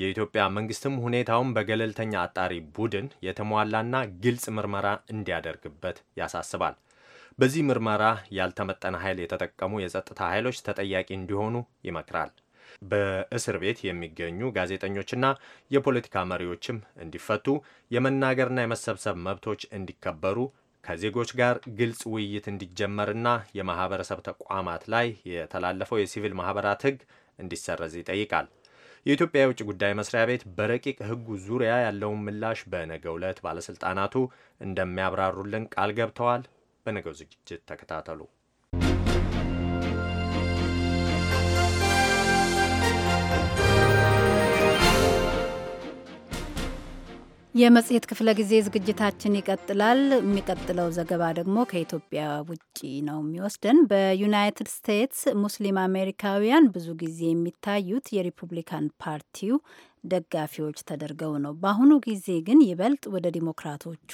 የኢትዮጵያ መንግስትም ሁኔታውን በገለልተኛ አጣሪ ቡድን የተሟላና ግልጽ ምርመራ እንዲያደርግበት ያሳስባል። በዚህ ምርመራ ያልተመጠነ ኃይል የተጠቀሙ የጸጥታ ኃይሎች ተጠያቂ እንዲሆኑ ይመክራል። በእስር ቤት የሚገኙ ጋዜጠኞችና የፖለቲካ መሪዎችም እንዲፈቱ፣ የመናገርና የመሰብሰብ መብቶች እንዲከበሩ ከዜጎች ጋር ግልጽ ውይይት እንዲጀመርና የማህበረሰብ ተቋማት ላይ የተላለፈው የሲቪል ማህበራት ህግ እንዲሰረዝ ይጠይቃል። የኢትዮጵያ የውጭ ጉዳይ መስሪያ ቤት በረቂቅ ህጉ ዙሪያ ያለውን ምላሽ በነገው ዕለት ባለሥልጣናቱ እንደሚያብራሩልን ቃል ገብተዋል። በነገው ዝግጅት ተከታተሉ። የመጽሔት ክፍለ ጊዜ ዝግጅታችን ይቀጥላል። የሚቀጥለው ዘገባ ደግሞ ከኢትዮጵያ ውጭ ነው የሚወስደን። በዩናይትድ ስቴትስ ሙስሊም አሜሪካውያን ብዙ ጊዜ የሚታዩት የሪፑብሊካን ፓርቲው ደጋፊዎች ተደርገው ነው። በአሁኑ ጊዜ ግን ይበልጥ ወደ ዲሞክራቶቹ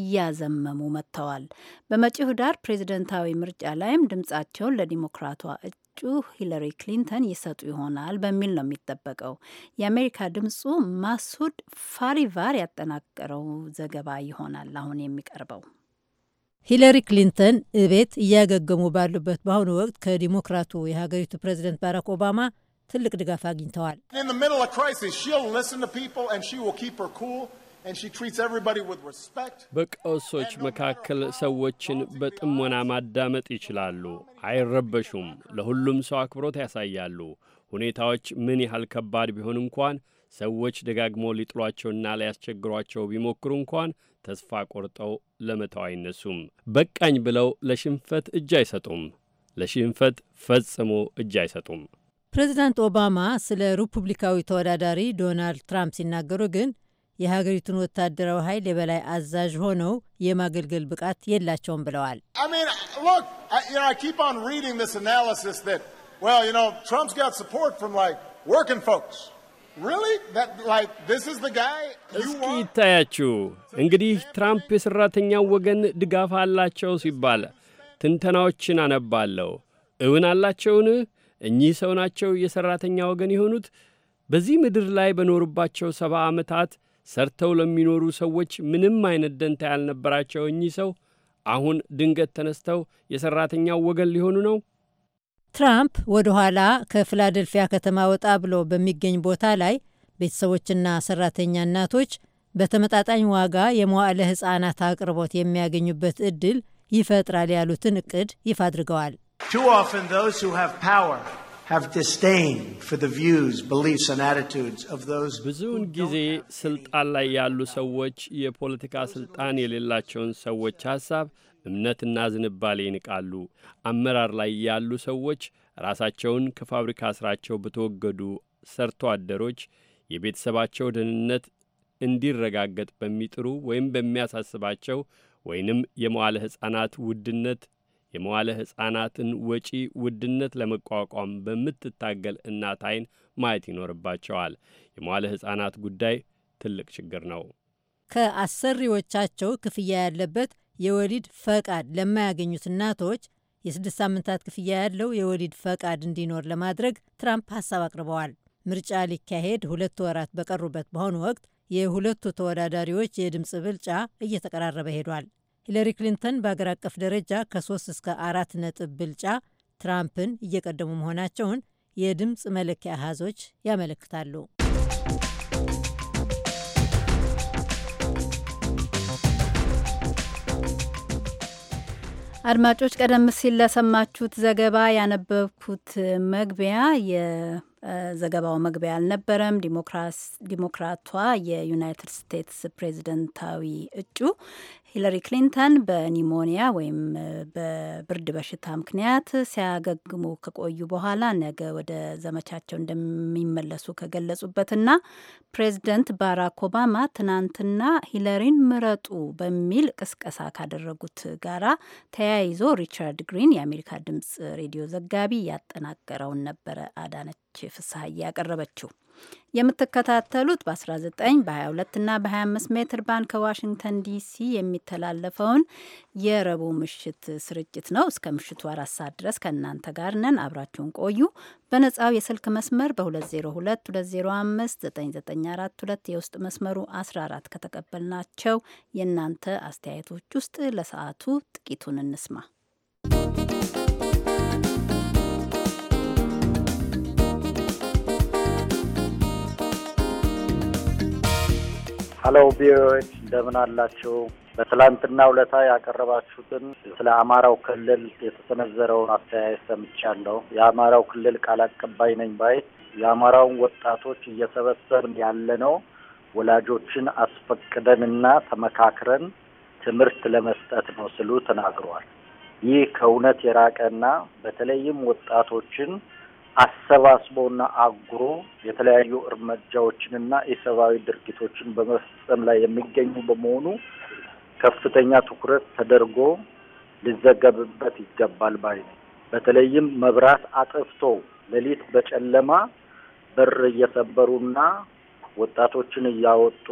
እያዘመሙ መጥተዋል። በመጪው ህዳር ፕሬዝደንታዊ ምርጫ ላይም ድምጻቸውን ለዲሞክራቷ እጩ ሂለሪ ክሊንተን ይሰጡ ይሆናል በሚል ነው የሚጠበቀው። የአሜሪካ ድምጹ ማሱድ ፋሪቫር ያጠናቀረው ዘገባ ይሆናል አሁን የሚቀርበው። ሂለሪ ክሊንተን እቤት እያገገሙ ባሉበት በአሁኑ ወቅት ከዲሞክራቱ የሀገሪቱ ፕሬዚደንት ባራክ ኦባማ ትልቅ ድጋፍ አግኝተዋል። በቀውሶች መካከል ሰዎችን በጥሞና ማዳመጥ ይችላሉ። አይረበሹም። ለሁሉም ሰው አክብሮት ያሳያሉ። ሁኔታዎች ምን ያህል ከባድ ቢሆን እንኳን ሰዎች ደጋግሞ ሊጥሏቸውና ሊያስቸግሯቸው ቢሞክሩ እንኳን ተስፋ ቆርጠው ለመተው አይነሱም። በቃኝ ብለው ለሽንፈት እጅ አይሰጡም። ለሽንፈት ፈጽሞ እጅ አይሰጡም። ፕሬዚዳንት ኦባማ ስለ ሪፑብሊካዊ ተወዳዳሪ ዶናልድ ትራምፕ ሲናገሩ ግን የሀገሪቱን ወታደራዊ ኃይል የበላይ አዛዥ ሆነው የማገልገል ብቃት የላቸውም ብለዋል። እስኪ ይታያችሁ እንግዲህ ትራምፕ የሠራተኛው ወገን ድጋፍ አላቸው ሲባል ትንተናዎችን አነባለሁ። እውን አላቸውን? እኚህ ሰው ናቸው የሠራተኛ ወገን የሆኑት በዚህ ምድር ላይ በኖሩባቸው ሰባ ዓመታት ሰርተው ለሚኖሩ ሰዎች ምንም አይነት ደንታ ያልነበራቸው እኚህ ሰው አሁን ድንገት ተነስተው የሠራተኛው ወገን ሊሆኑ ነው። ትራምፕ ወደ ኋላ ከፊላደልፊያ ከተማ ወጣ ብሎ በሚገኝ ቦታ ላይ ቤተሰቦችና ሰራተኛ እናቶች በተመጣጣኝ ዋጋ የመዋዕለ ሕፃናት አቅርቦት የሚያገኙበት ዕድል ይፈጥራል ያሉትን እቅድ ይፋ አድርገዋል። ብዙውን ጊዜ ስልጣን ላይ ያሉ ሰዎች የፖለቲካ ስልጣን የሌላቸውን ሰዎች ሐሳብ፣ እምነትና ዝንባሌ ይንቃሉ። አመራር ላይ ያሉ ሰዎች ራሳቸውን ከፋብሪካ ሥራቸው በተወገዱ ሰርቶ አደሮች የቤተሰባቸው ደህንነት እንዲረጋገጥ በሚጥሩ ወይም በሚያሳስባቸው ወይንም የመዋለ ሕፃናት ውድነት የመዋለ ሕፃናትን ወጪ ውድነት ለመቋቋም በምትታገል እናት ዓይን ማየት ይኖርባቸዋል። የመዋለ ሕፃናት ጉዳይ ትልቅ ችግር ነው። ከአሰሪዎቻቸው ክፍያ ያለበት የወሊድ ፈቃድ ለማያገኙት እናቶች የስድስት ሳምንታት ክፍያ ያለው የወሊድ ፈቃድ እንዲኖር ለማድረግ ትራምፕ ሀሳብ አቅርበዋል። ምርጫ ሊካሄድ ሁለት ወራት በቀሩበት በአሁኑ ወቅት የሁለቱ ተወዳዳሪዎች የድምፅ ብልጫ እየተቀራረበ ሄዷል። ሂለሪ ክሊንተን በአገር አቀፍ ደረጃ ከ3 እስከ አራት ነጥብ ብልጫ ትራምፕን እየቀደሙ መሆናቸውን የድምፅ መለኪያ አሃዞች ያመለክታሉ። አድማጮች፣ ቀደም ሲል ለሰማችሁት ዘገባ ያነበብኩት መግቢያ ዘገባው መግቢያ አልነበረም። ዲሞክራቷ የዩናይትድ ስቴትስ ፕሬዚደንታዊ እጩ ሂለሪ ክሊንተን በኒሞኒያ ወይም በብርድ በሽታ ምክንያት ሲያገግሙ ከቆዩ በኋላ ነገ ወደ ዘመቻቸው እንደሚመለሱ ከገለጹበትና ፕሬዚደንት ባራክ ኦባማ ትናንትና ሂለሪን ምረጡ በሚል ቅስቀሳ ካደረጉት ጋራ ተያይዞ ሪቻርድ ግሪን የአሜሪካ ድምጽ ሬዲዮ ዘጋቢ ያጠናቀረውን ነበረ አዳነች ነበረች ፍስሀዬ ያቀረበችው። የምትከታተሉት በ19 በ22 እና በ25 ሜትር ባንድ ከዋሽንግተን ዲሲ የሚተላለፈውን የረቡዕ ምሽት ስርጭት ነው። እስከ ምሽቱ አራት ሰዓት ድረስ ከእናንተ ጋር ነን። አብራችሁን ቆዩ። በነጻው የስልክ መስመር በ2022059942 የውስጥ መስመሩ 14 ከተቀበልናቸው የእናንተ አስተያየቶች ውስጥ ለሰዓቱ ጥቂቱን እንስማ። ሀሎ ቪኦኤዎች እንደምን አላችሁ? በትላንትና ውለታ ያቀረባችሁትን ስለ አማራው ክልል የተሰነዘረውን አስተያየት ሰምቻለሁ። የአማራው ክልል ቃል አቀባይ ነኝ ባይ የአማራውን ወጣቶች እየሰበሰብን ያለነው ወላጆችን አስፈቅደንና ተመካክረን ትምህርት ለመስጠት ነው ስሉ ተናግሯል። ይህ ከእውነት የራቀና በተለይም ወጣቶችን አሰባስቦና አጉሮ የተለያዩ እርምጃዎችንና የሰብአዊ ድርጊቶችን በመፈጸም ላይ የሚገኙ በመሆኑ ከፍተኛ ትኩረት ተደርጎ ሊዘገብበት ይገባል ባይ ነው። በተለይም መብራት አጥፍቶ ሌሊት በጨለማ በር እየሰበሩና ወጣቶችን እያወጡ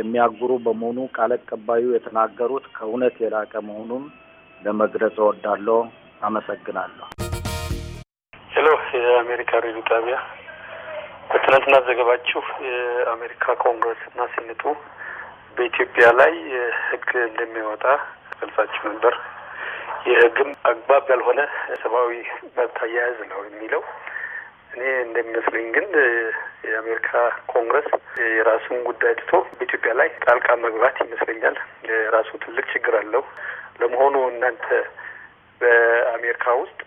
የሚያጉሩ በመሆኑ ቃል አቀባዩ የተናገሩት ከእውነት የላቀ መሆኑን ለመግለጽ እወዳለሁ። አመሰግናለሁ። የአሜሪካ ሬዲዮ ጣቢያ በትናንትና ዘገባችሁ የአሜሪካ ኮንግረስ እና ሴኔቱ በኢትዮጵያ ላይ ህግ እንደሚያወጣ ገልጻችሁ ነበር። የህግም አግባብ ያልሆነ ሰብአዊ መብት አያያዝ ነው የሚለው እኔ እንደሚመስለኝ ግን የአሜሪካ ኮንግረስ የራሱን ጉዳይ ትቶ በኢትዮጵያ ላይ ጣልቃ መግባት ይመስለኛል። የራሱ ትልቅ ችግር አለው። ለመሆኑ እናንተ በአሜሪካ ውስጥ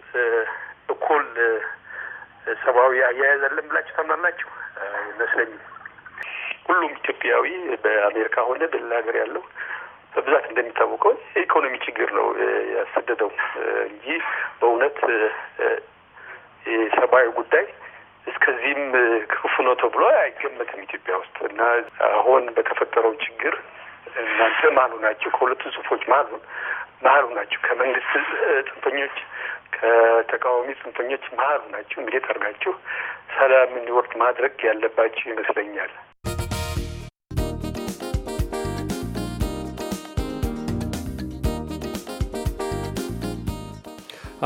እኩል ሰብአዊ አያያዝ አለን ብላችሁ ታምናላችሁ? አይመስለኝም። ሁሉም ኢትዮጵያዊ በአሜሪካ ሆነ በሌላ ሀገር ያለው በብዛት እንደሚታወቀው የኢኮኖሚ ችግር ነው ያሰደደው እንጂ በእውነት የሰብአዊ ጉዳይ እስከዚህም ክፉ ነው ተብሎ አይገመትም ኢትዮጵያ ውስጥ እና አሁን በተፈጠረው ችግር እናንተ መሀሉ ናቸው። ከሁለቱ ጽሁፎች መሀሉ መሀሉ ናቸው። ከመንግስት ጽንፈኞች ከተቃዋሚ ጽንፈኞች መሀል ናችሁ። እንዴት አድርጋችሁ ሰላም እንዲወርድ ማድረግ ያለባችሁ ይመስለኛል።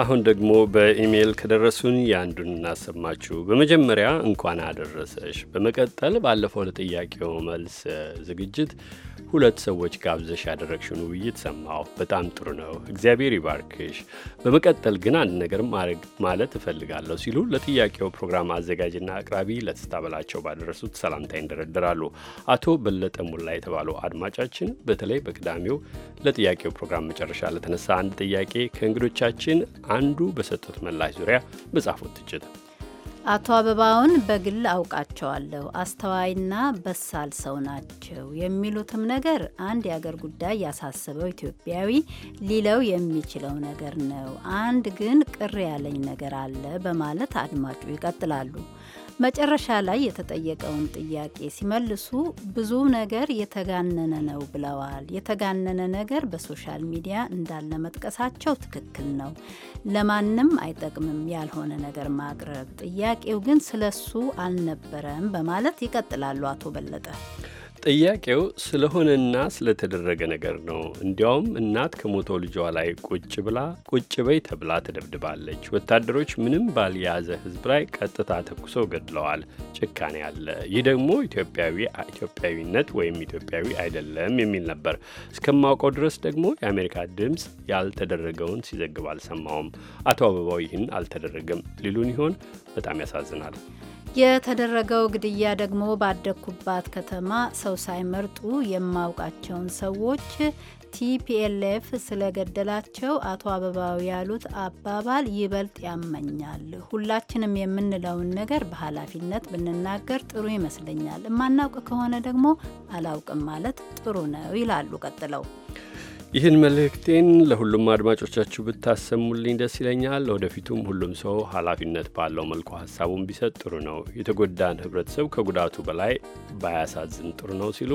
አሁን ደግሞ በኢሜይል ከደረሱን የአንዱን እናሰማችሁ። በመጀመሪያ እንኳን አደረሰሽ። በመቀጠል ባለፈው ለጥያቄው መልስ ዝግጅት ሁለት ሰዎች ጋብዘሽ ያደረግሽን ውይይት ሰማሁ። በጣም ጥሩ ነው፣ እግዚአብሔር ይባርክሽ። በመቀጠል ግን አንድ ነገር ማለት እፈልጋለሁ ሲሉ ለጥያቄው ፕሮግራም አዘጋጅና አቅራቢ ለትስታ በላቸው ባደረሱት ሰላምታ ይንደረደራሉ። አቶ በለጠ ሙላ የተባለው አድማጫችን በተለይ በቅዳሜው ለጥያቄው ፕሮግራም መጨረሻ ለተነሳ አንድ ጥያቄ ከእንግዶቻችን አንዱ በሰጡት ምላሽ ዙሪያ በጻፉት ትችት አቶ አበባውን በግል አውቃቸዋለሁ። አስተዋይና በሳል ሰው ናቸው የሚሉትም ነገር አንድ የአገር ጉዳይ ያሳሰበው ኢትዮጵያዊ ሊለው የሚችለው ነገር ነው። አንድ ግን ቅር ያለኝ ነገር አለ በማለት አድማጩ ይቀጥላሉ። መጨረሻ ላይ የተጠየቀውን ጥያቄ ሲመልሱ ብዙ ነገር የተጋነነ ነው ብለዋል። የተጋነነ ነገር በሶሻል ሚዲያ እንዳለ መጥቀሳቸው ትክክል ነው። ለማንም አይጠቅምም ያልሆነ ነገር ማቅረብ። ጥያቄው ግን ስለሱ አልነበረም በማለት ይቀጥላሉ አቶ በለጠ። ጥያቄው ስለሆነና ስለተደረገ ነገር ነው። እንዲያውም እናት ከሞተ ልጇ ላይ ቁጭ ብላ ቁጭ በይ ተብላ ተደብድባለች። ወታደሮች ምንም ባልያዘ ሕዝብ ላይ ቀጥታ ተኩሰው ገድለዋል። ጭካኔ አለ። ይህ ደግሞ ኢትዮጵያዊ ኢትዮጵያዊነት ወይም ኢትዮጵያዊ አይደለም የሚል ነበር። እስከማውቀው ድረስ ደግሞ የአሜሪካ ድምፅ ያልተደረገውን ሲዘግብ አልሰማውም። አቶ አበባው ይህን አልተደረገም ሊሉን ይሆን? በጣም ያሳዝናል። የተደረገው ግድያ ደግሞ ባደግኩባት ከተማ ሰው ሳይመርጡ የማውቃቸውን ሰዎች ቲፒኤልኤፍ ስለገደላቸው አቶ አበባው ያሉት አባባል ይበልጥ ያመኛል። ሁላችንም የምንለውን ነገር በኃላፊነት ብንናገር ጥሩ ይመስለኛል። የማናውቅ ከሆነ ደግሞ አላውቅም ማለት ጥሩ ነው ይላሉ ቀጥለው ይህን መልእክቴን ለሁሉም አድማጮቻችሁ ብታሰሙልኝ ደስ ይለኛል። ወደፊቱም ሁሉም ሰው ኃላፊነት ባለው መልኩ ሀሳቡን ቢሰጥ ጥሩ ነው፣ የተጎዳን ህብረተሰብ ከጉዳቱ በላይ ባያሳዝን ጥሩ ነው ሲሉ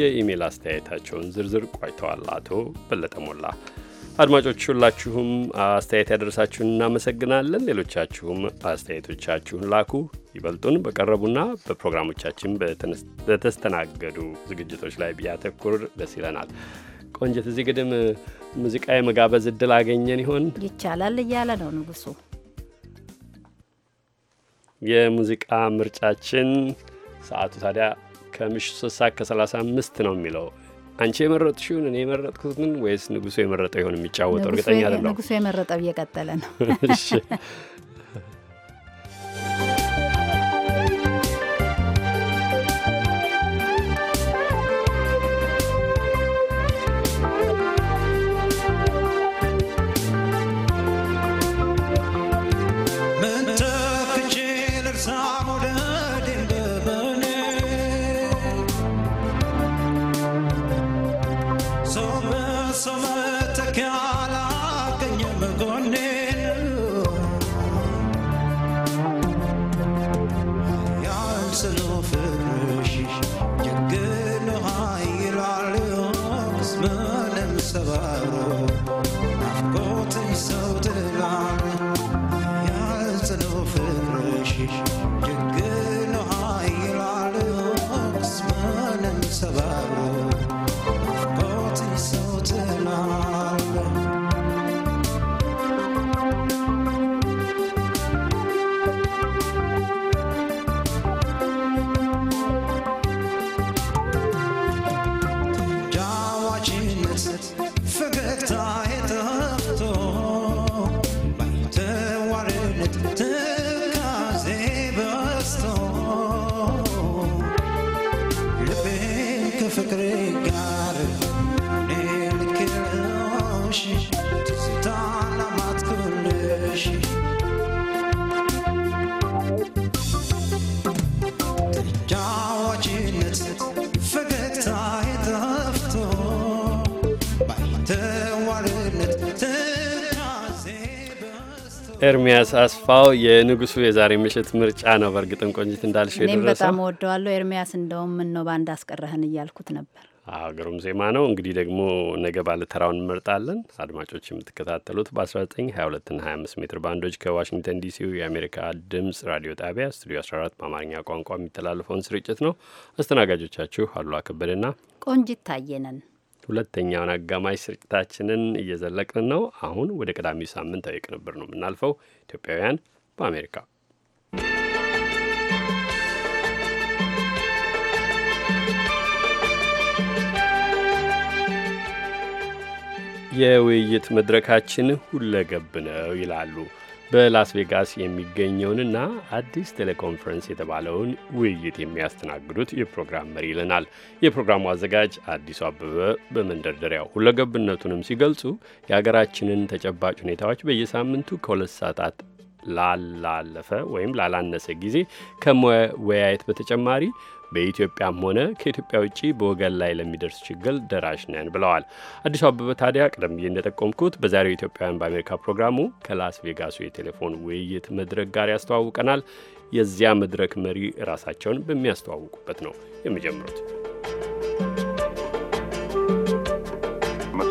የኢሜይል አስተያየታቸውን ዝርዝር ቋጭተዋል። አቶ በለጠ ሞላ። አድማጮች ሁላችሁም አስተያየት ያደረሳችሁን እናመሰግናለን። ሌሎቻችሁም አስተያየቶቻችሁን ላኩ። ይበልጡን በቀረቡና በፕሮግራሞቻችን በተስተናገዱ ዝግጅቶች ላይ ቢያተኩር ደስ ይለናል። ቆንጀት እዚህ ግድም ሙዚቃ የመጋበዝ እድል አገኘን ይሆን? ይቻላል እያለ ነው ንጉሱ። የሙዚቃ ምርጫችን ሰዓቱ ታዲያ ከምሽቱ ሶስት ሰዓት ከሰላሳ አምስት ነው የሚለው አንቺ የመረጥሽውን እኔ የመረጥኩትን ወይስ ንጉሱ የመረጠው ይሆን የሚጫወተው? እርግጠኛ አይደለሁም። ንጉሱ የመረጠው እየቀጠለ ነው። ኤርሚያስ አስፋው የንጉሱ የዛሬ ምሽት ምርጫ ነው። በእርግጥም ቆንጅት እንዳልሽ እኔም በጣም ወደዋለሁ። ኤርሚያስ እንደውም ምን ነው በአንድ አስቀረህን እያልኩት ነበር። ግሩም ዜማ ነው። እንግዲህ ደግሞ ነገ ባለተራውን እንመርጣለን። አድማጮች የምትከታተሉት በ19፣ 22ና 25 ሜትር ባንዶች ከዋሽንግተን ዲሲው የአሜሪካ ድምፅ ራዲዮ ጣቢያ ስቱዲዮ 14 በአማርኛ ቋንቋ የሚተላለፈውን ስርጭት ነው። አስተናጋጆቻችሁ አሉላ ከበደና ቆንጅት ታየነን። ሁለተኛውን አጋማሽ ስርጭታችንን እየዘለቅን ነው። አሁን ወደ ቀዳሚው ሳምንታዊ ቅንብር ነው የምናልፈው። ኢትዮጵያውያን በአሜሪካ የውይይት መድረካችን ሁለገብ ነው ይላሉ በላስ ቬጋስ የሚገኘውንና አዲስ ቴሌኮንፈረንስ የተባለውን ውይይት የሚያስተናግዱት የፕሮግራም መሪ ይለናል። የፕሮግራሙ አዘጋጅ አዲሱ አበበ በመንደርደሪያው ሁለገብነቱንም ሲገልጹ የሀገራችንን ተጨባጭ ሁኔታዎች በየሳምንቱ ከሁለት ሰዓታት ላላለፈ ወይም ላላነሰ ጊዜ ከመወያየት በተጨማሪ በኢትዮጵያም ሆነ ከኢትዮጵያ ውጭ በወገን ላይ ለሚደርስ ችግር ደራሽ ነን ብለዋል። አዲሱ አበበ ታዲያ ቀደም ብዬ እንደጠቆምኩት በዛሬው ኢትዮጵያውያን በአሜሪካ ፕሮግራሙ ከላስ ቬጋሱ የቴሌፎን ውይይት መድረክ ጋር ያስተዋውቀናል። የዚያ መድረክ መሪ ራሳቸውን በሚያስተዋውቁበት ነው የሚጀምሩት።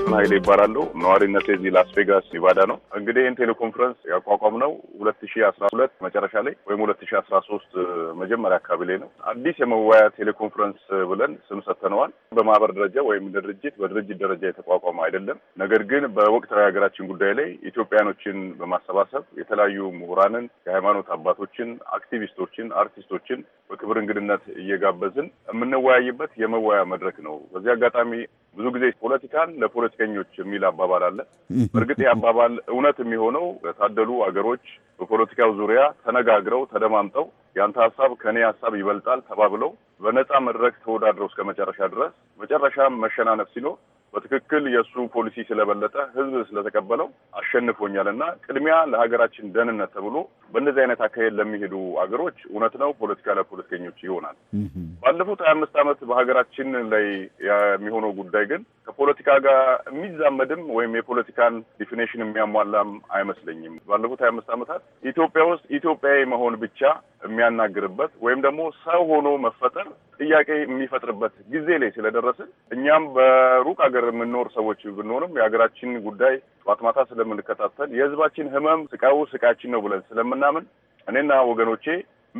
መስፍን ኃይሌ ይባላለሁ። ነዋሪነት የዚህ ላስ ቬጋስ ኔቫዳ ነው። እንግዲህ ይህን ቴሌኮንፈረንስ ያቋቋም ነው ሁለት ሺ አስራ ሁለት መጨረሻ ላይ ወይም ሁለት ሺ አስራ ሶስት መጀመሪያ አካባቢ ላይ ነው። አዲስ የመወያ ቴሌኮንፈረንስ ብለን ስም ሰተነዋል። በማህበር ደረጃ ወይም ድርጅት በድርጅት ደረጃ የተቋቋመ አይደለም። ነገር ግን በወቅታዊ ሀገራችን ጉዳይ ላይ ኢትዮጵያኖችን በማሰባሰብ የተለያዩ ምሁራንን፣ የሃይማኖት አባቶችን፣ አክቲቪስቶችን፣ አርቲስቶችን በክብር እንግድነት እየጋበዝን የምንወያይበት የመወያ መድረክ ነው። በዚህ አጋጣሚ ብዙ ጊዜ ፖለቲካን ለፖለቲ ፖለቲከኞች የሚል አባባል አለ። በእርግጥ ይህ አባባል እውነት የሚሆነው ታደሉ አገሮች በፖለቲካው ዙሪያ ተነጋግረው ተደማምጠው ያንተ ሀሳብ ከእኔ ሀሳብ ይበልጣል ተባብለው በነጻ መድረክ ተወዳድረው እስከ መጨረሻ ድረስ መጨረሻ መሸናነፍ ሲኖር በትክክል የእሱ ፖሊሲ ስለበለጠ ህዝብ ስለተቀበለው አሸንፎኛል እና ቅድሚያ ለሀገራችን ደህንነት ተብሎ በእንደዚህ አይነት አካሄድ ለሚሄዱ አገሮች እውነት ነው ፖለቲካ ለፖለቲከኞች ይሆናል። ባለፉት ሀያ አምስት ዓመት በሀገራችን ላይ የሚሆነው ጉዳይ ግን ከፖለቲካ ጋር የሚዛመድም ወይም የፖለቲካን ዲፊኔሽን የሚያሟላም አይመስለኝም። ባለፉት ሀያ አምስት ዓመታት ኢትዮጵያ ውስጥ ኢትዮጵያዊ መሆን ብቻ የሚያናግርበት ወይም ደግሞ ሰው ሆኖ መፈጠር ጥያቄ የሚፈጥርበት ጊዜ ላይ ስለደረስን እኛም በሩቅ ሀገር የምንኖር ሰዎች ብንሆንም የሀገራችን ጉዳይ ጠዋት ማታ ስለምንከታተል የህዝባችን ህመም ስቃዩ ስቃያችን ነው ብለን ስለምናምን እኔና ወገኖቼ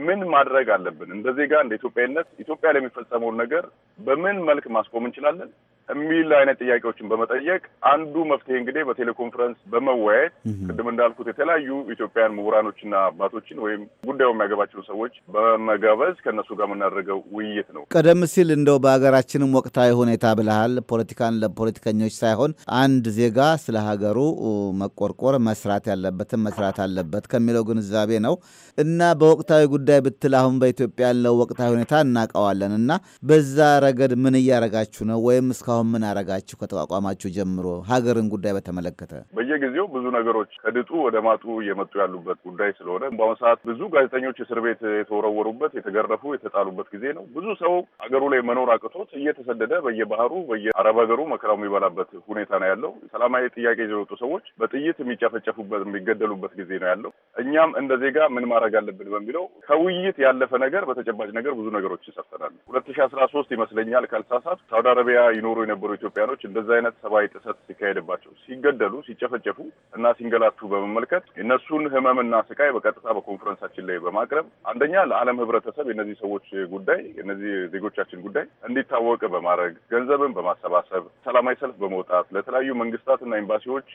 ምን ማድረግ አለብን? እንደ ዜጋ እንደ ኢትዮጵያዊነት ኢትዮጵያ ላይ የሚፈጸመውን ነገር በምን መልክ ማስቆም እንችላለን? የሚል አይነት ጥያቄዎችን በመጠየቅ አንዱ መፍትሄ እንግዲህ በቴሌኮንፈረንስ በመወያየት ቅድም እንዳልኩት የተለያዩ ኢትዮጵያን ምሁራኖችና አባቶችን ወይም ጉዳዩ የሚያገባቸው ሰዎች በመጋበዝ ከእነሱ ጋር የምናደርገው ውይይት ነው። ቀደም ሲል እንደው በሀገራችንም ወቅታዊ ሁኔታ ብለሃል። ፖለቲካን ለፖለቲከኞች ሳይሆን አንድ ዜጋ ስለ ሀገሩ መቆርቆር መስራት ያለበትን መስራት አለበት ከሚለው ግንዛቤ ነው እና በወቅታዊ ጉዳይ ብትል አሁን በኢትዮጵያ ያለው ወቅታዊ ሁኔታ እናውቀዋለን እና በዛ ረገድ ምን እያረጋችሁ ነው ወይም እስካሁን ተቋም ምን አረጋችሁ ከተቋቋማችሁ ጀምሮ ሀገርን ጉዳይ በተመለከተ? በየጊዜው ብዙ ነገሮች ከድጡ ወደ ማጡ እየመጡ ያሉበት ጉዳይ ስለሆነ በአሁኑ ሰዓት ብዙ ጋዜጠኞች እስር ቤት የተወረወሩበት፣ የተገረፉ፣ የተጣሉበት ጊዜ ነው። ብዙ ሰው ሀገሩ ላይ መኖር አቅቶት እየተሰደደ በየባህሩ በየአረብ ሀገሩ መከራው የሚበላበት ሁኔታ ነው ያለው። ሰላማዊ ጥያቄ የወጡ ሰዎች በጥይት የሚጨፈጨፉበት የሚገደሉበት ጊዜ ነው ያለው። እኛም እንደ ዜጋ ምን ማድረግ አለብን በሚለው ከውይይት ያለፈ ነገር በተጨባጭ ነገር ብዙ ነገሮች ይሰፈናል። ሁለት ሺ አስራ ሶስት ይመስለኛል ካልሳሳት ሳውዲ አረቢያ ይኖሩ የነበሩ ኢትዮጵያኖች እንደዚ አይነት ሰብአዊ ጥሰት ሲካሄድባቸው ሲገደሉ፣ ሲጨፈጨፉ እና ሲንገላቱ በመመልከት እነሱን ህመምና ስቃይ በቀጥታ በኮንፈረንሳችን ላይ በማቅረብ አንደኛ ለዓለም ህብረተሰብ የነዚህ ሰዎች ጉዳይ የነዚህ ዜጎቻችን ጉዳይ እንዲታወቅ በማድረግ ገንዘብን በማሰባሰብ ሰላማዊ ሰልፍ በመውጣት ለተለያዩ መንግስታት እና ኤምባሲዎች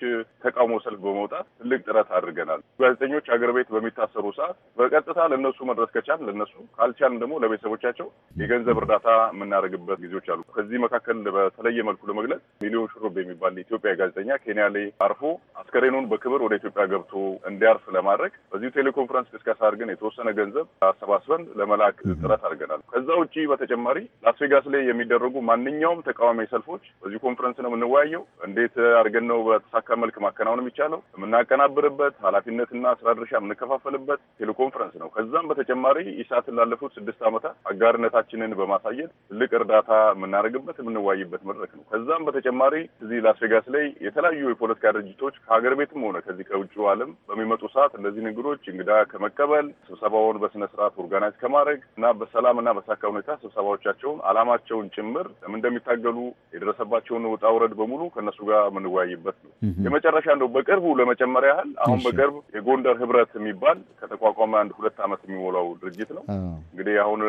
ተቃውሞ ሰልፍ በመውጣት ትልቅ ጥረት አድርገናል። ጋዜጠኞች አገር ቤት በሚታሰሩ ሰዓት በቀጥታ ለእነሱ መድረስ ከቻል ለእነሱ ካልቻልም ደግሞ ለቤተሰቦቻቸው የገንዘብ እርዳታ የምናደርግበት ጊዜዎች አሉ። ከዚህ መካከል በተለየ መልኩ ለመግለጽ ሚሊዮን ሽሩብ የሚባል ኢትዮጵያ ጋዜጠኛ ኬንያ ላይ አርፎ አስከሬኑን በክብር ወደ ኢትዮጵያ ገብቶ እንዲያርፍ ለማድረግ በዚሁ ቴሌኮንፈረንስ ቅስቀሳ አድርገን የተወሰነ ገንዘብ አሰባስበን ለመላክ ጥረት አድርገናል። ከዛ ውጭ በተጨማሪ ላስቬጋስ ላይ የሚደረጉ ማንኛውም ተቃዋሚ ሰልፎች በዚሁ ኮንፈረንስ ነው የምንወያየው። እንዴት አድርገን ነው በተሳካ መልክ ማከናወን የሚቻለው የምናቀናብርበት፣ ኃላፊነትና ስራ ድርሻ የምንከፋፈልበት ቴሌኮንፈረንስ ነው። ከዛም በተጨማሪ ኢሳትን ላለፉት ስድስት ዓመታት አጋርነታችንን በማሳየት ትልቅ እርዳታ የምናደርግበት የምንወያይበት መድረክ ነው። ከዛም በተጨማሪ እዚህ ላስቬጋስ ላይ የተለያዩ የፖለቲካ ድርጅቶች ከሀገር ቤትም ሆነ ከዚህ ከውጭ ዓለም በሚመጡ ሰዓት እነዚህ እንግዶች እንግዳ ከመቀበል ስብሰባውን በስነ ስርዓት ኦርጋናይዝ ከማድረግ እና በሰላም እና በሳካ ሁኔታ ስብሰባዎቻቸውን አላማቸውን ጭምር ለምን እንደሚታገሉ የደረሰባቸውን ውጣ ውረድ በሙሉ ከእነሱ ጋር የምንወያይበት ነው። የመጨረሻ እንደው በቅርቡ ለመጨመር ያህል አሁን በቅርብ የጎንደር ህብረት የሚባል ከተቋቋመ አንድ ሁለት ዓመት የሚሞላው ድርጅት ነው። እንግዲህ አሁን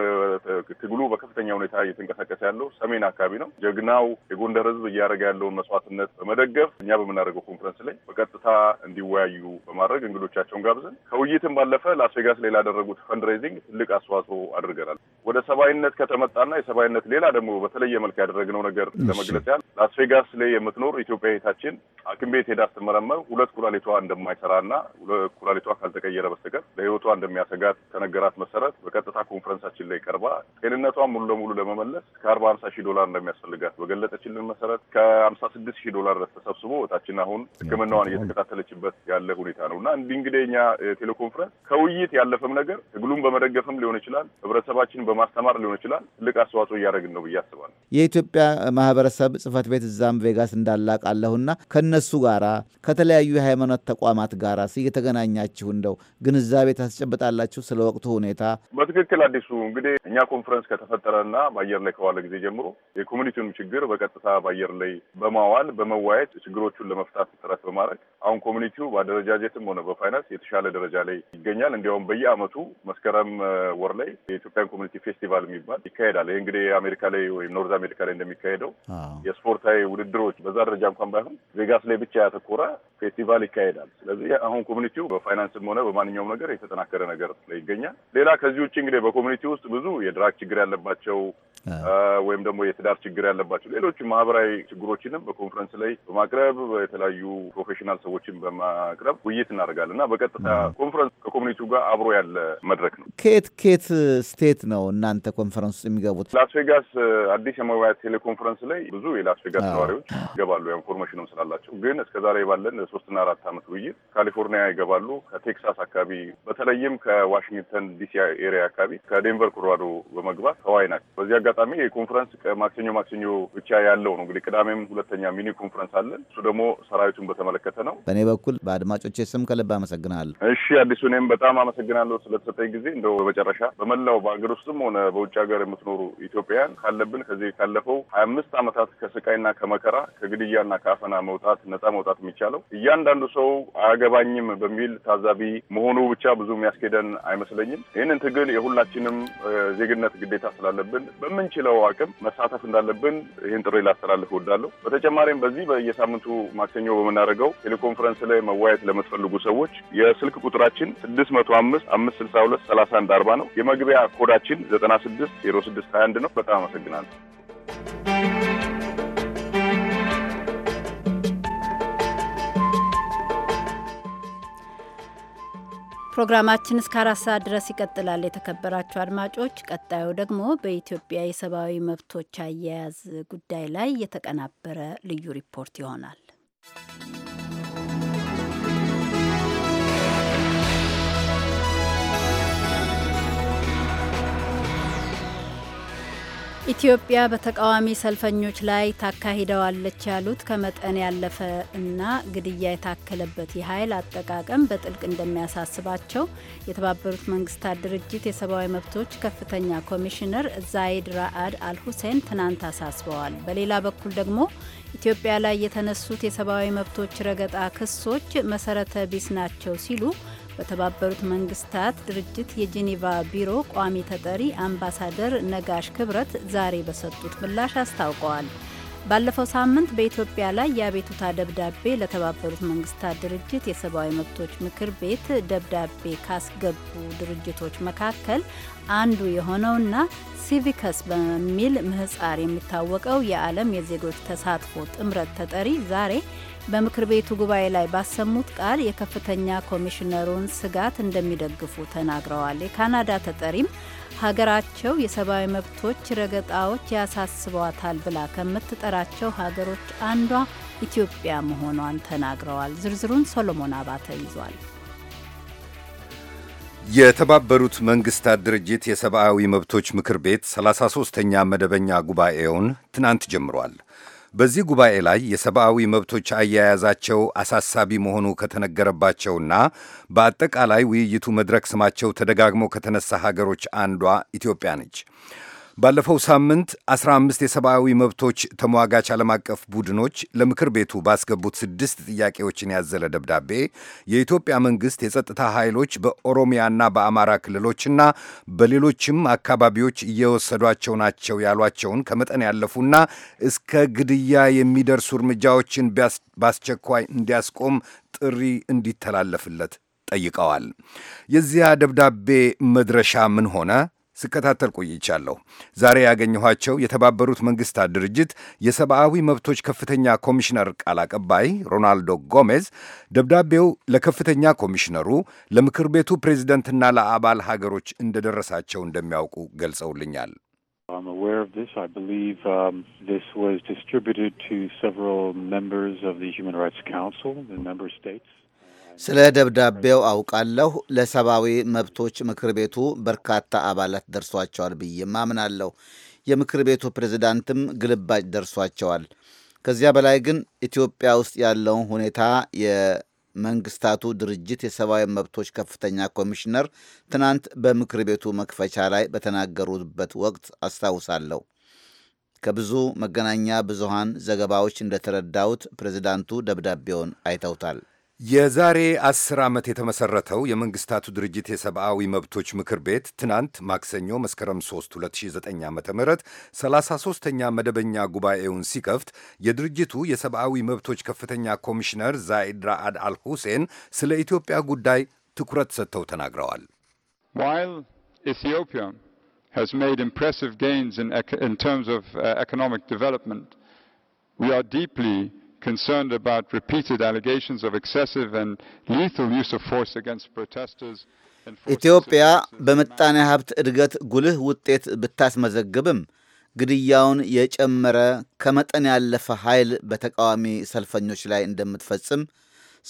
ትግሉ በከፍተኛ ሁኔታ እየተንቀሳቀሰ ያለው ሰሜን አካባቢ ነው። ጀግናው የጎንደር ህዝብ እያደረገ ያለውን መስዋዕትነት በመደገፍ እኛ በምናደርገው ኮንፈረንስ ላይ በቀጥታ እንዲወያዩ በማድረግ እንግዶቻቸውን ጋብዘን ከውይይትም ባለፈ ላስ ቬጋስ ላይ ላደረጉት ፈንድሬዚንግ ትልቅ አስተዋጽኦ አድርገናል። ወደ ሰብአዊነት ከተመጣና የሰብአዊነት ሌላ ደግሞ በተለየ መልክ ያደረግነው ነገር ለመግለጽ ያህል ላስ ቬጋስ ላይ የምትኖር ኢትዮጵያዊታችን ሐኪም ቤት ሄዳ ስትመረመር ሁለት ኩላሊቷ እንደማይሰራና ሁለት ኩላሊቷ ካልተቀየረ በስተቀር ለህይወቷ እንደሚያሰጋት ከነገራት መሰረት በቀጥታ ኮንፈረንሳችን ላይ ቀርባ ጤንነቷን ሙሉ ለሙሉ ለመመለስ ከአርባ ሀምሳ ሺህ ዶላር እንደሚያስፈልጋት በገለጠችልን መሰረት ከአምሳ ስድስት ሺህ ዶላር ድረስ ተሰብስቦ እህታችን አሁን ሕክምናዋን እየተከታተለችበት ያለ ሁኔታ ነው እና እንዲህ እንግዲህ እኛ ቴሌኮንፈረንስ ከውይይት ያለፈም ነገር ትግሉን በመደገፍም ሊሆን ይችላል፣ ህብረተሰባችን በማስተማር ሊሆን ይችላል። ትልቅ አስተዋጽኦ እያደረግን ነው ብዬ አስባለሁ። የኢትዮጵያ ማህበረሰብ ጽህፈት ቤት እዛም ቬጋስ እንዳላቃለሁና ከእነሱ ጋራ ከተለያዩ የሃይማኖት ተቋማት ጋራ እየተገናኛችሁ እንደው ግንዛቤ ታስጨብጣላችሁ ስለ ወቅቱ ሁኔታ በትክክል አዲሱ እንግዲህ እኛ ኮንፈረንስ ከተፈጠረና በአየር ላይ ከዋለ ጊዜ ጀምሮ የኮሚኒቲውንም ችግር ችግር በቀጥታ በአየር ላይ በማዋል በመዋየት ችግሮቹን ለመፍታት ጥረት በማድረግ አሁን ኮሚኒቲው በአደረጃጀትም ሆነ በፋይናንስ የተሻለ ደረጃ ላይ ይገኛል። እንዲያውም በየአመቱ መስከረም ወር ላይ የኢትዮጵያን ኮሚኒቲ ፌስቲቫል የሚባል ይካሄዳል። ይህ እንግዲህ አሜሪካ ላይ ወይም ኖርዝ አሜሪካ ላይ እንደሚካሄደው የስፖርታዊ ውድድሮች በዛ ደረጃ እንኳን ባይሆን ቬጋስ ላይ ብቻ ያተኮረ ፌስቲቫል ይካሄዳል። ስለዚህ አሁን ኮሚኒቲው በፋይናንስም ሆነ በማንኛውም ነገር የተጠናከረ ነገር ላይ ይገኛል። ሌላ ከዚህ ውጭ እንግዲህ በኮሚኒቲ ውስጥ ብዙ የድራግ ችግር ያለባቸው ወይም ደግሞ የትዳር ችግር ያለባቸው ሌሎች ማህበራዊ ችግሮችንም በኮንፈረንስ ላይ በማቅረብ የተለያዩ ፕሮፌሽናል ሰዎችን በማቅረብ ውይይት እናደርጋለን እና በቀጥታ ኮንፈረንስ ከኮሚኒቲው ጋር አብሮ ያለ መድረክ ነው። ከየት ከየት ስቴት ነው እናንተ ኮንፈረንስ ውስጥ የሚገቡት? ላስ ቬጋስ አዲስ የመወያያ ቴሌኮንፈረንስ ላይ ብዙ የላስ ቬጋስ ነዋሪዎች ይገባሉ። ኢንፎርሜሽንም ስላላቸው ግን እስከዛሬ ባለን ሶስትና አራት ዓመት ውይይት ካሊፎርኒያ ይገባሉ። ከቴክሳስ አካባቢ በተለይም ከዋሽንግተን ዲሲ ኤሪያ አካባቢ ከዴንቨር ኮሎራዶ በመግባት ሀዋይ ናቸው። በዚህ አጋጣሚ የኮንፈረንስ ከማክሰኞ ማክሰኞ ብቻ ያለው ነው። እንግዲህ ቅዳሜም ሁለተኛ ሚኒ ኮንፈረንስ አለን። እሱ ደግሞ ሰራዊቱን በተመለከተ ነው። በእኔ በኩል በአድማጮቼ ስም ከልብ አመሰግናለሁ። እሺ አዲሱ፣ እኔም በጣም አመሰግናለሁ ስለተሰጠኝ ጊዜ። እንደው በመጨረሻ በመላው በአገር ውስጥም ሆነ በውጭ ሀገር የምትኖሩ ኢትዮጵያውያን ካለብን ከዚህ ካለፈው ሀያ አምስት ዓመታት ከስቃይና ከመከራ ከግድያና ከአፈና መውጣት ነጻ መውጣት የሚቻለው እያንዳንዱ ሰው አያገባኝም በሚል ታዛቢ መሆኑ ብቻ ብዙ የሚያስኬደን አይመስለኝም። ይህንን ትግል የሁላችንም ዜግነት ግዴታ ስላለብን በምንችለው አቅም መሳተፍ እንዳለብን ይህን ጥሪ ላስተላልፍ እወዳለሁ። በተጨማሪም በዚህ በየሳምንቱ ማክሰኞ በምናደርገው ቴሌኮንፈረንስ ላይ መወያየት ለምትፈልጉ ሰዎች የስልክ ቁጥራችን ስድስት መቶ አምስት አምስት ስልሳ ሁለት ሰላሳ አንድ አርባ ነው። የመግቢያ ኮዳችን ዘጠና ስድስት ዜሮ ስድስት ሀያ አንድ ነው። በጣም አመሰግናለሁ። ፕሮግራማችን እስከ አራት ሰዓት ድረስ ይቀጥላል። የተከበራችሁ አድማጮች፣ ቀጣዩ ደግሞ በኢትዮጵያ የሰብአዊ መብቶች አያያዝ ጉዳይ ላይ የተቀናበረ ልዩ ሪፖርት ይሆናል። ኢትዮጵያ በተቃዋሚ ሰልፈኞች ላይ ታካሂደዋለች ያሉት ከመጠን ያለፈ እና ግድያ የታከለበት የኃይል አጠቃቀም በጥልቅ እንደሚያሳስባቸው የተባበሩት መንግስታት ድርጅት የሰብአዊ መብቶች ከፍተኛ ኮሚሽነር ዛይድ ራአድ አልሁሴን ትናንት አሳስበዋል። በሌላ በኩል ደግሞ ኢትዮጵያ ላይ የተነሱት የሰብአዊ መብቶች ረገጣ ክሶች መሰረተ ቢስ ናቸው ሲሉ በተባበሩት መንግስታት ድርጅት የጄኔቫ ቢሮ ቋሚ ተጠሪ አምባሳደር ነጋሽ ክብረት ዛሬ በሰጡት ምላሽ አስታውቀዋል። ባለፈው ሳምንት በኢትዮጵያ ላይ የአቤቱታ ደብዳቤ ለተባበሩት መንግስታት ድርጅት የሰብአዊ መብቶች ምክር ቤት ደብዳቤ ካስገቡ ድርጅቶች መካከል አንዱ የሆነውና ሲቪከስ በሚል ምህጻር የሚታወቀው የዓለም የዜጎች ተሳትፎ ጥምረት ተጠሪ ዛሬ በምክር ቤቱ ጉባኤ ላይ ባሰሙት ቃል የከፍተኛ ኮሚሽነሩን ስጋት እንደሚደግፉ ተናግረዋል። የካናዳ ተጠሪም ሀገራቸው የሰብአዊ መብቶች ረገጣዎች ያሳስቧታል ብላ ከምትጠራቸው ሀገሮች አንዷ ኢትዮጵያ መሆኗን ተናግረዋል። ዝርዝሩን ሶሎሞን አባተ ይዟል። የተባበሩት መንግስታት ድርጅት የሰብአዊ መብቶች ምክር ቤት 33ተኛ መደበኛ ጉባኤውን ትናንት ጀምሯል። በዚህ ጉባኤ ላይ የሰብአዊ መብቶች አያያዛቸው አሳሳቢ መሆኑ ከተነገረባቸውና በአጠቃላይ ውይይቱ መድረክ ስማቸው ተደጋግሞ ከተነሳ ሀገሮች አንዷ ኢትዮጵያ ነች። ባለፈው ሳምንት 15 የሰብአዊ መብቶች ተሟጋች ዓለም አቀፍ ቡድኖች ለምክር ቤቱ ባስገቡት ስድስት ጥያቄዎችን ያዘለ ደብዳቤ የኢትዮጵያ መንግሥት የጸጥታ ኃይሎች በኦሮሚያና በአማራ ክልሎችና በሌሎችም አካባቢዎች እየወሰዷቸው ናቸው ያሏቸውን ከመጠን ያለፉና እስከ ግድያ የሚደርሱ እርምጃዎችን በአስቸኳይ እንዲያስቆም ጥሪ እንዲተላለፍለት ጠይቀዋል። የዚያ ደብዳቤ መድረሻ ምን ሆነ? ስከታተል ቆይቻለሁ። ዛሬ ያገኘኋቸው የተባበሩት መንግስታት ድርጅት የሰብአዊ መብቶች ከፍተኛ ኮሚሽነር ቃል አቀባይ ሮናልዶ ጎሜዝ ደብዳቤው ለከፍተኛ ኮሚሽነሩ፣ ለምክር ቤቱ ፕሬዚደንትና ለአባል ሀገሮች እንደደረሳቸው እንደሚያውቁ ገልጸውልኛል። ስለ ደብዳቤው አውቃለሁ። ለሰብአዊ መብቶች ምክር ቤቱ በርካታ አባላት ደርሷቸዋል ብዬም አምናለሁ። የምክር ቤቱ ፕሬዝዳንትም ግልባጭ ደርሷቸዋል። ከዚያ በላይ ግን ኢትዮጵያ ውስጥ ያለውን ሁኔታ የመንግስታቱ ድርጅት የሰብአዊ መብቶች ከፍተኛ ኮሚሽነር ትናንት በምክር ቤቱ መክፈቻ ላይ በተናገሩበት ወቅት አስታውሳለሁ። ከብዙ መገናኛ ብዙሃን ዘገባዎች እንደተረዳሁት ፕሬዝዳንቱ ደብዳቤውን አይተውታል። የዛሬ አስር ዓመት የተመሠረተው የመንግሥታቱ ድርጅት የሰብአዊ መብቶች ምክር ቤት ትናንት ማክሰኞ መስከረም 3 2009 ዓ ም 33ኛ መደበኛ ጉባኤውን ሲከፍት የድርጅቱ የሰብአዊ መብቶች ከፍተኛ ኮሚሽነር ዛይድ ራአድ አልሁሴን ስለ ኢትዮጵያ ጉዳይ ትኩረት ሰጥተው ተናግረዋል። ኢትዮጵያ has made impressive gains in, in concerned about repeated allegations of excessive and lethal use of force against protesters. ኢትዮጵያ በምጣኔ ሀብት እድገት ጉልህ ውጤት ብታስመዘግብም ግድያውን የጨመረ ከመጠን ያለፈ ኃይል በተቃዋሚ ሰልፈኞች ላይ እንደምትፈጽም፣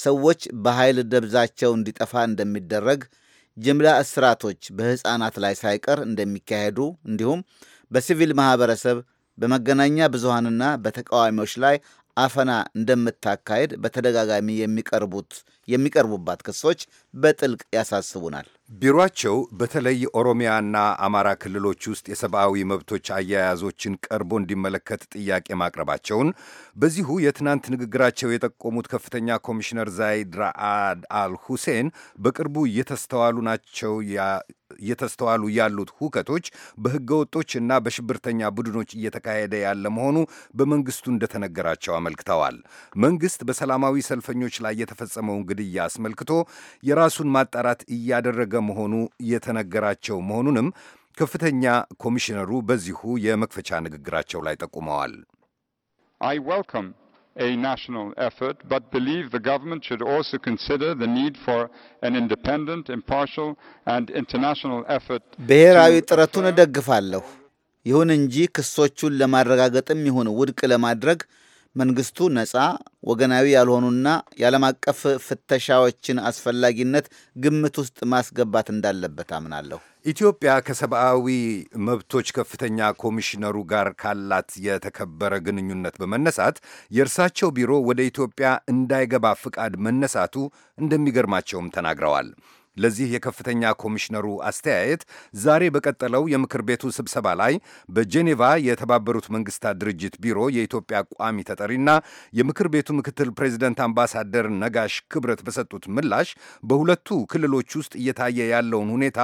ሰዎች በኃይል ደብዛቸው እንዲጠፋ እንደሚደረግ፣ ጅምላ እስራቶች በሕፃናት ላይ ሳይቀር እንደሚካሄዱ እንዲሁም በሲቪል ማኅበረሰብ በመገናኛ ብዙሃንና በተቃዋሚዎች ላይ አፈና እንደምታካሄድ በተደጋጋሚ የሚቀርቡት የሚቀርቡባት ክሶች በጥልቅ ያሳስቡናል። ቢሮአቸው በተለይ ኦሮሚያና አማራ ክልሎች ውስጥ የሰብአዊ መብቶች አያያዞችን ቀርቦ እንዲመለከት ጥያቄ ማቅረባቸውን በዚሁ የትናንት ንግግራቸው የጠቆሙት ከፍተኛ ኮሚሽነር ዛይድ ራአድ አል ሁሴን በቅርቡ እየተስተዋሉ ናቸው እየተስተዋሉ ያሉት ሁከቶች በህገወጦች እና በሽብርተኛ ቡድኖች እየተካሄደ ያለ መሆኑ በመንግስቱ እንደተነገራቸው አመልክተዋል። መንግስት በሰላማዊ ሰልፈኞች ላይ የተፈጸመውን ግድያ አስመልክቶ የራሱን ማጣራት እያደረገ መሆኑ የተነገራቸው መሆኑንም ከፍተኛ ኮሚሽነሩ በዚሁ የመክፈቻ ንግግራቸው ላይ ጠቁመዋል። I a national effort, but believe the government should also consider the need for an independent, impartial and international effort. ብሔራዊ ጥረቱን እደግፋለሁ። ይሁን እንጂ ክሶቹን ለማረጋገጥም ይሁን ውድቅ ለማድረግ መንግስቱ ነፃ ወገናዊ ያልሆኑና የዓለም አቀፍ ፍተሻዎችን አስፈላጊነት ግምት ውስጥ ማስገባት እንዳለበት አምናለሁ። ኢትዮጵያ ከሰብአዊ መብቶች ከፍተኛ ኮሚሽነሩ ጋር ካላት የተከበረ ግንኙነት በመነሳት የእርሳቸው ቢሮ ወደ ኢትዮጵያ እንዳይገባ ፍቃድ መነሳቱ እንደሚገርማቸውም ተናግረዋል። ለዚህ የከፍተኛ ኮሚሽነሩ አስተያየት ዛሬ በቀጠለው የምክር ቤቱ ስብሰባ ላይ በጄኔቫ የተባበሩት መንግስታት ድርጅት ቢሮ የኢትዮጵያ ቋሚ ተጠሪና የምክር ቤቱ ምክትል ፕሬዚደንት አምባሳደር ነጋሽ ክብረት በሰጡት ምላሽ በሁለቱ ክልሎች ውስጥ እየታየ ያለውን ሁኔታ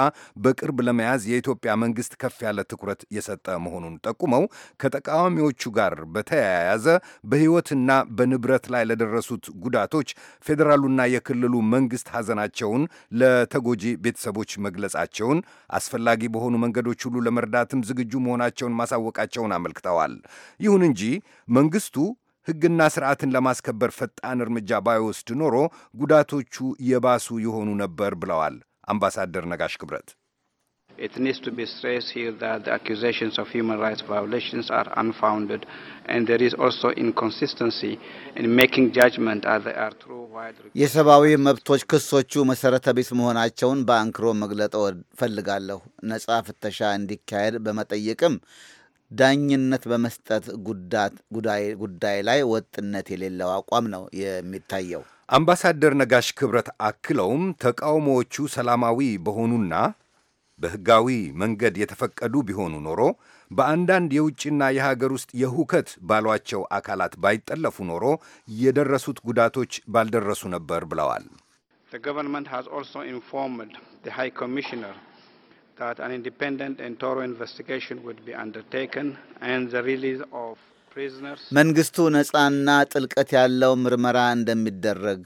በቅርብ ለመያዝ የኢትዮጵያ መንግስት ከፍ ያለ ትኩረት የሰጠ መሆኑን ጠቁመው ከተቃዋሚዎቹ ጋር በተያያዘ በሕይወትና በንብረት ላይ ለደረሱት ጉዳቶች ፌዴራሉና የክልሉ መንግስት ሐዘናቸውን ለ ለተጎጂ ቤተሰቦች መግለጻቸውን፣ አስፈላጊ በሆኑ መንገዶች ሁሉ ለመርዳትም ዝግጁ መሆናቸውን ማሳወቃቸውን አመልክተዋል። ይሁን እንጂ መንግስቱ ሕግና ስርዓትን ለማስከበር ፈጣን እርምጃ ባይወስድ ኖሮ ጉዳቶቹ የባሱ የሆኑ ነበር ብለዋል አምባሳደር ነጋሽ ክብረት። It needs to be stressed here that the accusations of human rights violations are unfounded and there is also inconsistency in making judgment as they are true while የሰብአዊ መብቶች ክሶቹ መሰረተ ቢስ መሆናቸውን በአንክሮ መግለጥ ፈልጋለሁ። ነጻ ፍተሻ እንዲካሄድ በመጠየቅም ዳኝነት በመስጠት ጉዳይ ላይ ወጥነት የሌለው አቋም ነው የሚታየው። አምባሳደር ነጋሽ ክብረት አክለውም ተቃውሞዎቹ ሰላማዊ በሆኑና በሕጋዊ መንገድ የተፈቀዱ ቢሆኑ ኖሮ በአንዳንድ የውጭና የሀገር ውስጥ የሁከት ባሏቸው አካላት ባይጠለፉ ኖሮ የደረሱት ጉዳቶች ባልደረሱ ነበር ብለዋል። መንግስቱ ነጻና ጥልቀት ያለው ምርመራ እንደሚደረግ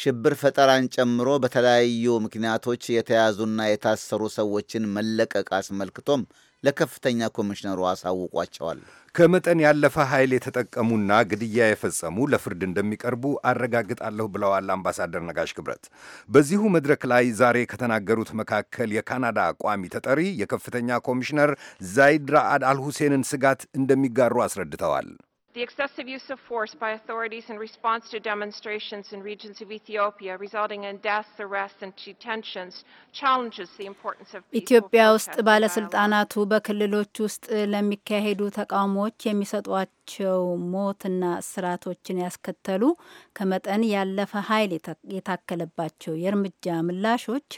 ሽብር ፈጠራን ጨምሮ በተለያዩ ምክንያቶች የተያዙና የታሰሩ ሰዎችን መለቀቅ አስመልክቶም ለከፍተኛ ኮሚሽነሩ አሳውቋቸዋል። ከመጠን ያለፈ ኃይል የተጠቀሙና ግድያ የፈጸሙ ለፍርድ እንደሚቀርቡ አረጋግጣለሁ ብለዋል አምባሳደር ነጋሽ ክብረት። በዚሁ መድረክ ላይ ዛሬ ከተናገሩት መካከል የካናዳ ቋሚ ተጠሪ የከፍተኛ ኮሚሽነር ዛይድ ራአድ አልሁሴንን ስጋት እንደሚጋሩ አስረድተዋል። The excessive use of force by authorities in response to demonstrations in regions of Ethiopia resulting in deaths, arrests, and detentions challenges the importance of ኢትዮጵያ ናቸው። ሞትና እስራቶችን ያስከተሉ ከመጠን ያለፈ ኃይል የታከለባቸው የእርምጃ ምላሾች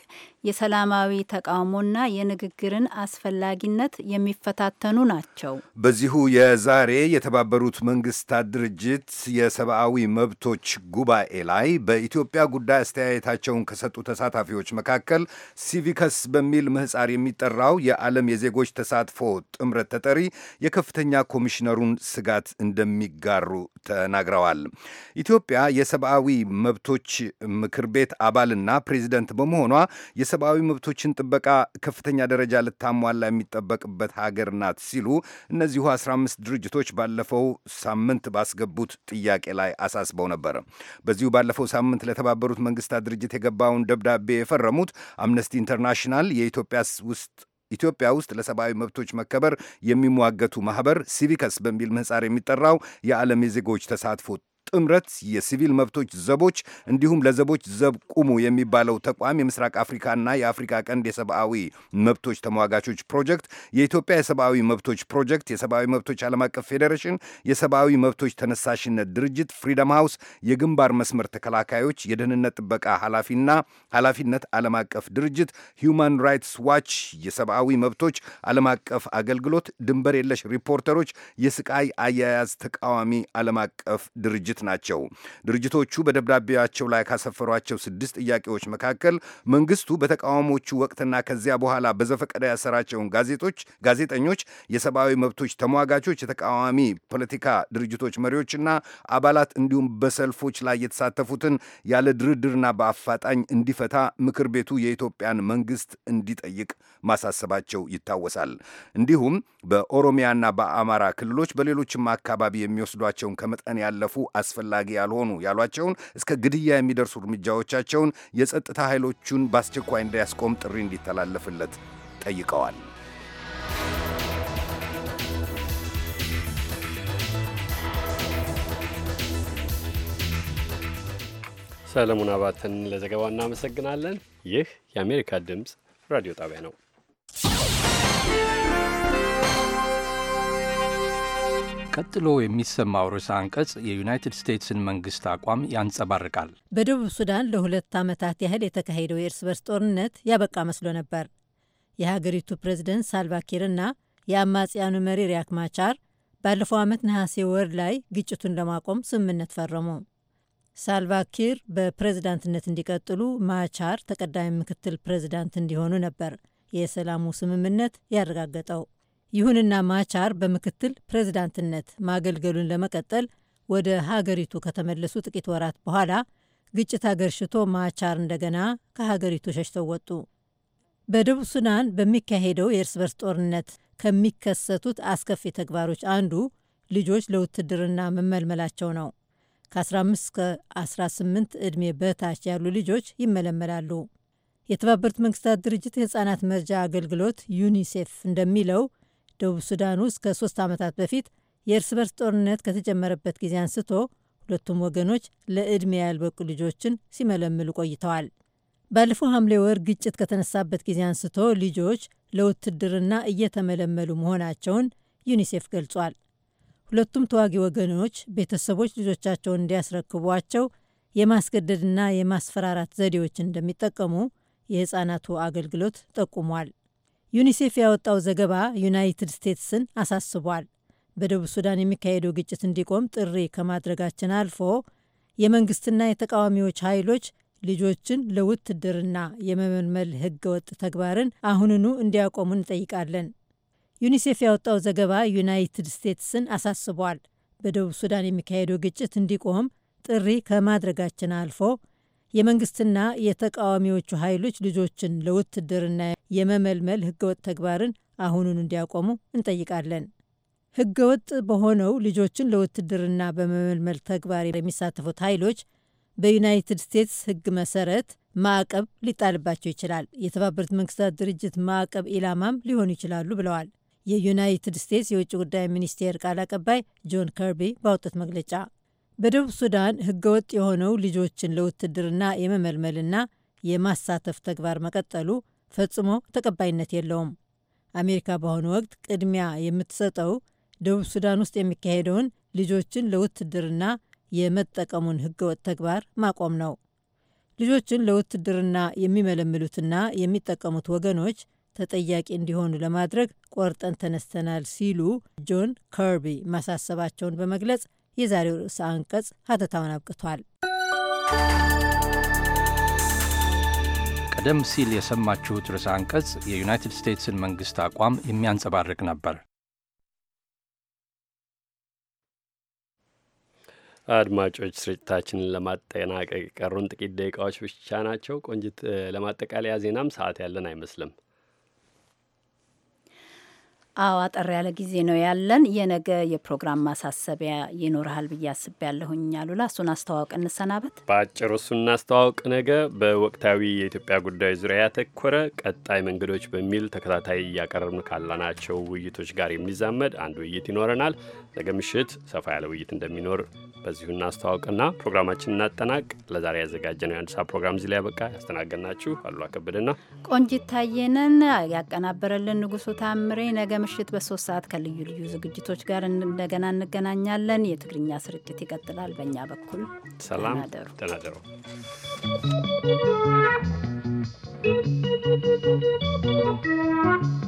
የሰላማዊ ተቃውሞና የንግግርን አስፈላጊነት የሚፈታተኑ ናቸው። በዚሁ የዛሬ የተባበሩት መንግስታት ድርጅት የሰብአዊ መብቶች ጉባኤ ላይ በኢትዮጵያ ጉዳይ አስተያየታቸውን ከሰጡ ተሳታፊዎች መካከል ሲቪከስ በሚል ምህጻር የሚጠራው የዓለም የዜጎች ተሳትፎ ጥምረት ተጠሪ የከፍተኛ ኮሚሽነሩን ስጋት ሀገራት እንደሚጋሩ ተናግረዋል። ኢትዮጵያ የሰብአዊ መብቶች ምክር ቤት አባልና ፕሬዚደንት በመሆኗ የሰብአዊ መብቶችን ጥበቃ ከፍተኛ ደረጃ ልታሟላ የሚጠበቅበት ሀገር ናት ሲሉ እነዚሁ 15 ድርጅቶች ባለፈው ሳምንት ባስገቡት ጥያቄ ላይ አሳስበው ነበር። በዚሁ ባለፈው ሳምንት ለተባበሩት መንግስታት ድርጅት የገባውን ደብዳቤ የፈረሙት አምነስቲ ኢንተርናሽናል የኢትዮጵያ ውስጥ ኢትዮጵያ ውስጥ ለሰብአዊ መብቶች መከበር የሚሟገቱ ማህበር ሲቪከስ በሚል ምህፃር የሚጠራው የዓለም የዜጎች ተሳትፎ ጥምረት የሲቪል መብቶች ዘቦች እንዲሁም ለዘቦች ዘብ ቁሙ የሚባለው ተቋም የምስራቅ አፍሪካና የአፍሪካ ቀንድ የሰብአዊ መብቶች ተሟጋቾች ፕሮጀክት፣ የኢትዮጵያ የሰብአዊ መብቶች ፕሮጀክት፣ የሰብአዊ መብቶች ዓለም አቀፍ ፌዴሬሽን፣ የሰብአዊ መብቶች ተነሳሽነት ድርጅት፣ ፍሪደም ሃውስ፣ የግንባር መስመር ተከላካዮች የደህንነት ጥበቃ ኃላፊና ኃላፊነት ዓለም አቀፍ ድርጅት፣ ሂውማን ራይትስ ዋች የሰብአዊ መብቶች ዓለም አቀፍ አገልግሎት፣ ድንበር የለሽ ሪፖርተሮች፣ የስቃይ አያያዝ ተቃዋሚ ዓለም አቀፍ ድርጅት ውጤት ናቸው። ድርጅቶቹ በደብዳቤያቸው ላይ ካሰፈሯቸው ስድስት ጥያቄዎች መካከል መንግስቱ በተቃውሞቹ ወቅትና ከዚያ በኋላ በዘፈቀደ ያሰራቸውን ጋዜጦች፣ ጋዜጠኞች፣ የሰብአዊ መብቶች ተሟጋቾች፣ የተቃዋሚ ፖለቲካ ድርጅቶች መሪዎችና አባላት እንዲሁም በሰልፎች ላይ የተሳተፉትን ያለ ድርድርና በአፋጣኝ እንዲፈታ ምክር ቤቱ የኢትዮጵያን መንግስት እንዲጠይቅ ማሳሰባቸው ይታወሳል። እንዲሁም በኦሮሚያና በአማራ ክልሎች በሌሎችም አካባቢ የሚወስዷቸውን ከመጠን ያለፉ አስፈላጊ ያልሆኑ ያሏቸውን እስከ ግድያ የሚደርሱ እርምጃዎቻቸውን የጸጥታ ኃይሎቹን በአስቸኳይ እንዲያስቆም ጥሪ እንዲተላለፍለት ጠይቀዋል። ሰለሞን አባተን ለዘገባው እናመሰግናለን። ይህ የአሜሪካ ድምፅ ራዲዮ ጣቢያ ነው። ቀጥሎ የሚሰማው ርዕሰ አንቀጽ የዩናይትድ ስቴትስን መንግስት አቋም ያንጸባርቃል። በደቡብ ሱዳን ለሁለት ዓመታት ያህል የተካሄደው የእርስ በርስ ጦርነት ያበቃ መስሎ ነበር። የሀገሪቱ ፕሬዝደንት ሳልቫኪርና የአማጽያኑ መሪ ሪያክ ማቻር ባለፈው ዓመት ነሐሴ ወር ላይ ግጭቱን ለማቆም ስምምነት ፈረሙ። ሳልቫኪር በፕሬዝዳንትነት እንዲቀጥሉ፣ ማቻር ተቀዳሚ ምክትል ፕሬዝዳንት እንዲሆኑ ነበር የሰላሙ ስምምነት ያረጋገጠው። ይሁንና ማቻር በምክትል ፕሬዝዳንትነት ማገልገሉን ለመቀጠል ወደ ሀገሪቱ ከተመለሱ ጥቂት ወራት በኋላ ግጭት አገርሽቶ ማቻር እንደገና ከሀገሪቱ ሸሽተው ወጡ። በደቡብ ሱዳን በሚካሄደው የእርስ በርስ ጦርነት ከሚከሰቱት አስከፊ ተግባሮች አንዱ ልጆች ለውትድርና መመልመላቸው ነው። ከ15 እስከ 18 ዕድሜ በታች ያሉ ልጆች ይመለመላሉ። የተባበሩት መንግስታት ድርጅት የሕፃናት መርጃ አገልግሎት ዩኒሴፍ እንደሚለው ደቡብ ሱዳን ውስጥ ከሶስት ዓመታት በፊት የእርስ በርስ ጦርነት ከተጀመረበት ጊዜ አንስቶ ሁለቱም ወገኖች ለዕድሜ ያልበቁ ልጆችን ሲመለምሉ ቆይተዋል። ባለፈው ሐምሌ ወር ግጭት ከተነሳበት ጊዜ አንስቶ ልጆች ለውትድርና እየተመለመሉ መሆናቸውን ዩኒሴፍ ገልጿል። ሁለቱም ተዋጊ ወገኖች ቤተሰቦች ልጆቻቸውን እንዲያስረክቧቸው የማስገደድና የማስፈራራት ዘዴዎችን እንደሚጠቀሙ የሕፃናቱ አገልግሎት ጠቁሟል። ዩኒሴፍ ያወጣው ዘገባ ዩናይትድ ስቴትስን አሳስቧል። በደቡብ ሱዳን የሚካሄደው ግጭት እንዲቆም ጥሪ ከማድረጋችን አልፎ የመንግስትና የተቃዋሚዎች ኃይሎች ልጆችን ለውትድርና የመመልመል ህገወጥ ተግባርን አሁንኑ እንዲያቆሙ እንጠይቃለን። ዩኒሴፍ ያወጣው ዘገባ ዩናይትድ ስቴትስን አሳስቧል። በደቡብ ሱዳን የሚካሄደው ግጭት እንዲቆም ጥሪ ከማድረጋችን አልፎ የመንግስትና የተቃዋሚዎቹ ኃይሎች ልጆችን ለውትድርና የመመልመል ህገወጥ ተግባርን አሁኑን እንዲያቆሙ እንጠይቃለን። ህገወጥ በሆነው ልጆችን ለውትድርና በመመልመል ተግባር የሚሳተፉት ኃይሎች በዩናይትድ ስቴትስ ህግ መሰረት ማዕቀብ ሊጣልባቸው ይችላል። የተባበሩት መንግስታት ድርጅት ማዕቀብ ኢላማም ሊሆኑ ይችላሉ ብለዋል የዩናይትድ ስቴትስ የውጭ ጉዳይ ሚኒስቴር ቃል አቀባይ ጆን ከርቢ ባወጡት መግለጫ። በደቡብ ሱዳን ህገወጥ የሆነው ልጆችን ለውትድርና የመመልመልና የማሳተፍ ተግባር መቀጠሉ ፈጽሞ ተቀባይነት የለውም። አሜሪካ በአሁኑ ወቅት ቅድሚያ የምትሰጠው ደቡብ ሱዳን ውስጥ የሚካሄደውን ልጆችን ለውትድርና የመጠቀሙን ህገወጥ ተግባር ማቆም ነው። ልጆችን ለውትድርና የሚመለምሉትና የሚጠቀሙት ወገኖች ተጠያቂ እንዲሆኑ ለማድረግ ቆርጠን ተነስተናል ሲሉ ጆን ከርቢ ማሳሰባቸውን በመግለጽ የዛሬው ርዕሰ አንቀጽ ሀተታውን አብቅቷል። ቀደም ሲል የሰማችሁት ርዕሰ አንቀጽ የዩናይትድ ስቴትስን መንግሥት አቋም የሚያንጸባርቅ ነበር። አድማጮች ስርጭታችንን ለማጠናቀቅ የቀሩን ጥቂት ደቂቃዎች ብቻ ናቸው። ቆንጅት፣ ለማጠቃለያ ዜናም ሰዓት ያለን አይመስልም። አዎ አጠር ያለ ጊዜ ነው ያለን። የነገ የፕሮግራም ማሳሰቢያ ይኖርሃል ብዬ ያለሁኝ አሉላ እሱን አስተዋውቅ እንሰናበት። በአጭሩ እሱን እናስተዋውቅ። ነገ በወቅታዊ የኢትዮጵያ ጉዳዮች ዙሪያ ያተኮረ ቀጣይ መንገዶች በሚል ተከታታይ እያቀረብን ካላናቸው ውይይቶች ጋር የሚዛመድ አንድ ውይይት ይኖረናል። ነገ ምሽት ሰፋ ያለ ውይይት እንደሚኖር በዚሁ እናስተዋውቅና ፕሮግራማችን እናጠናቅ። ለዛሬ ያዘጋጀነው የአንድ ሰዓት ፕሮግራም እዚህ ላይ ያበቃ። ያስተናገድናችሁ አሉላ ከበደና ቆንጂት ታየነን፣ ያቀናበረልን ንጉሱ ታምሬ ነገ ምሽት በሶስት ሰዓት ከልዩ ልዩ ዝግጅቶች ጋር እንደገና እንገናኛለን። የትግርኛ ስርጭት ይቀጥላል። በእኛ በኩል ሰላም you.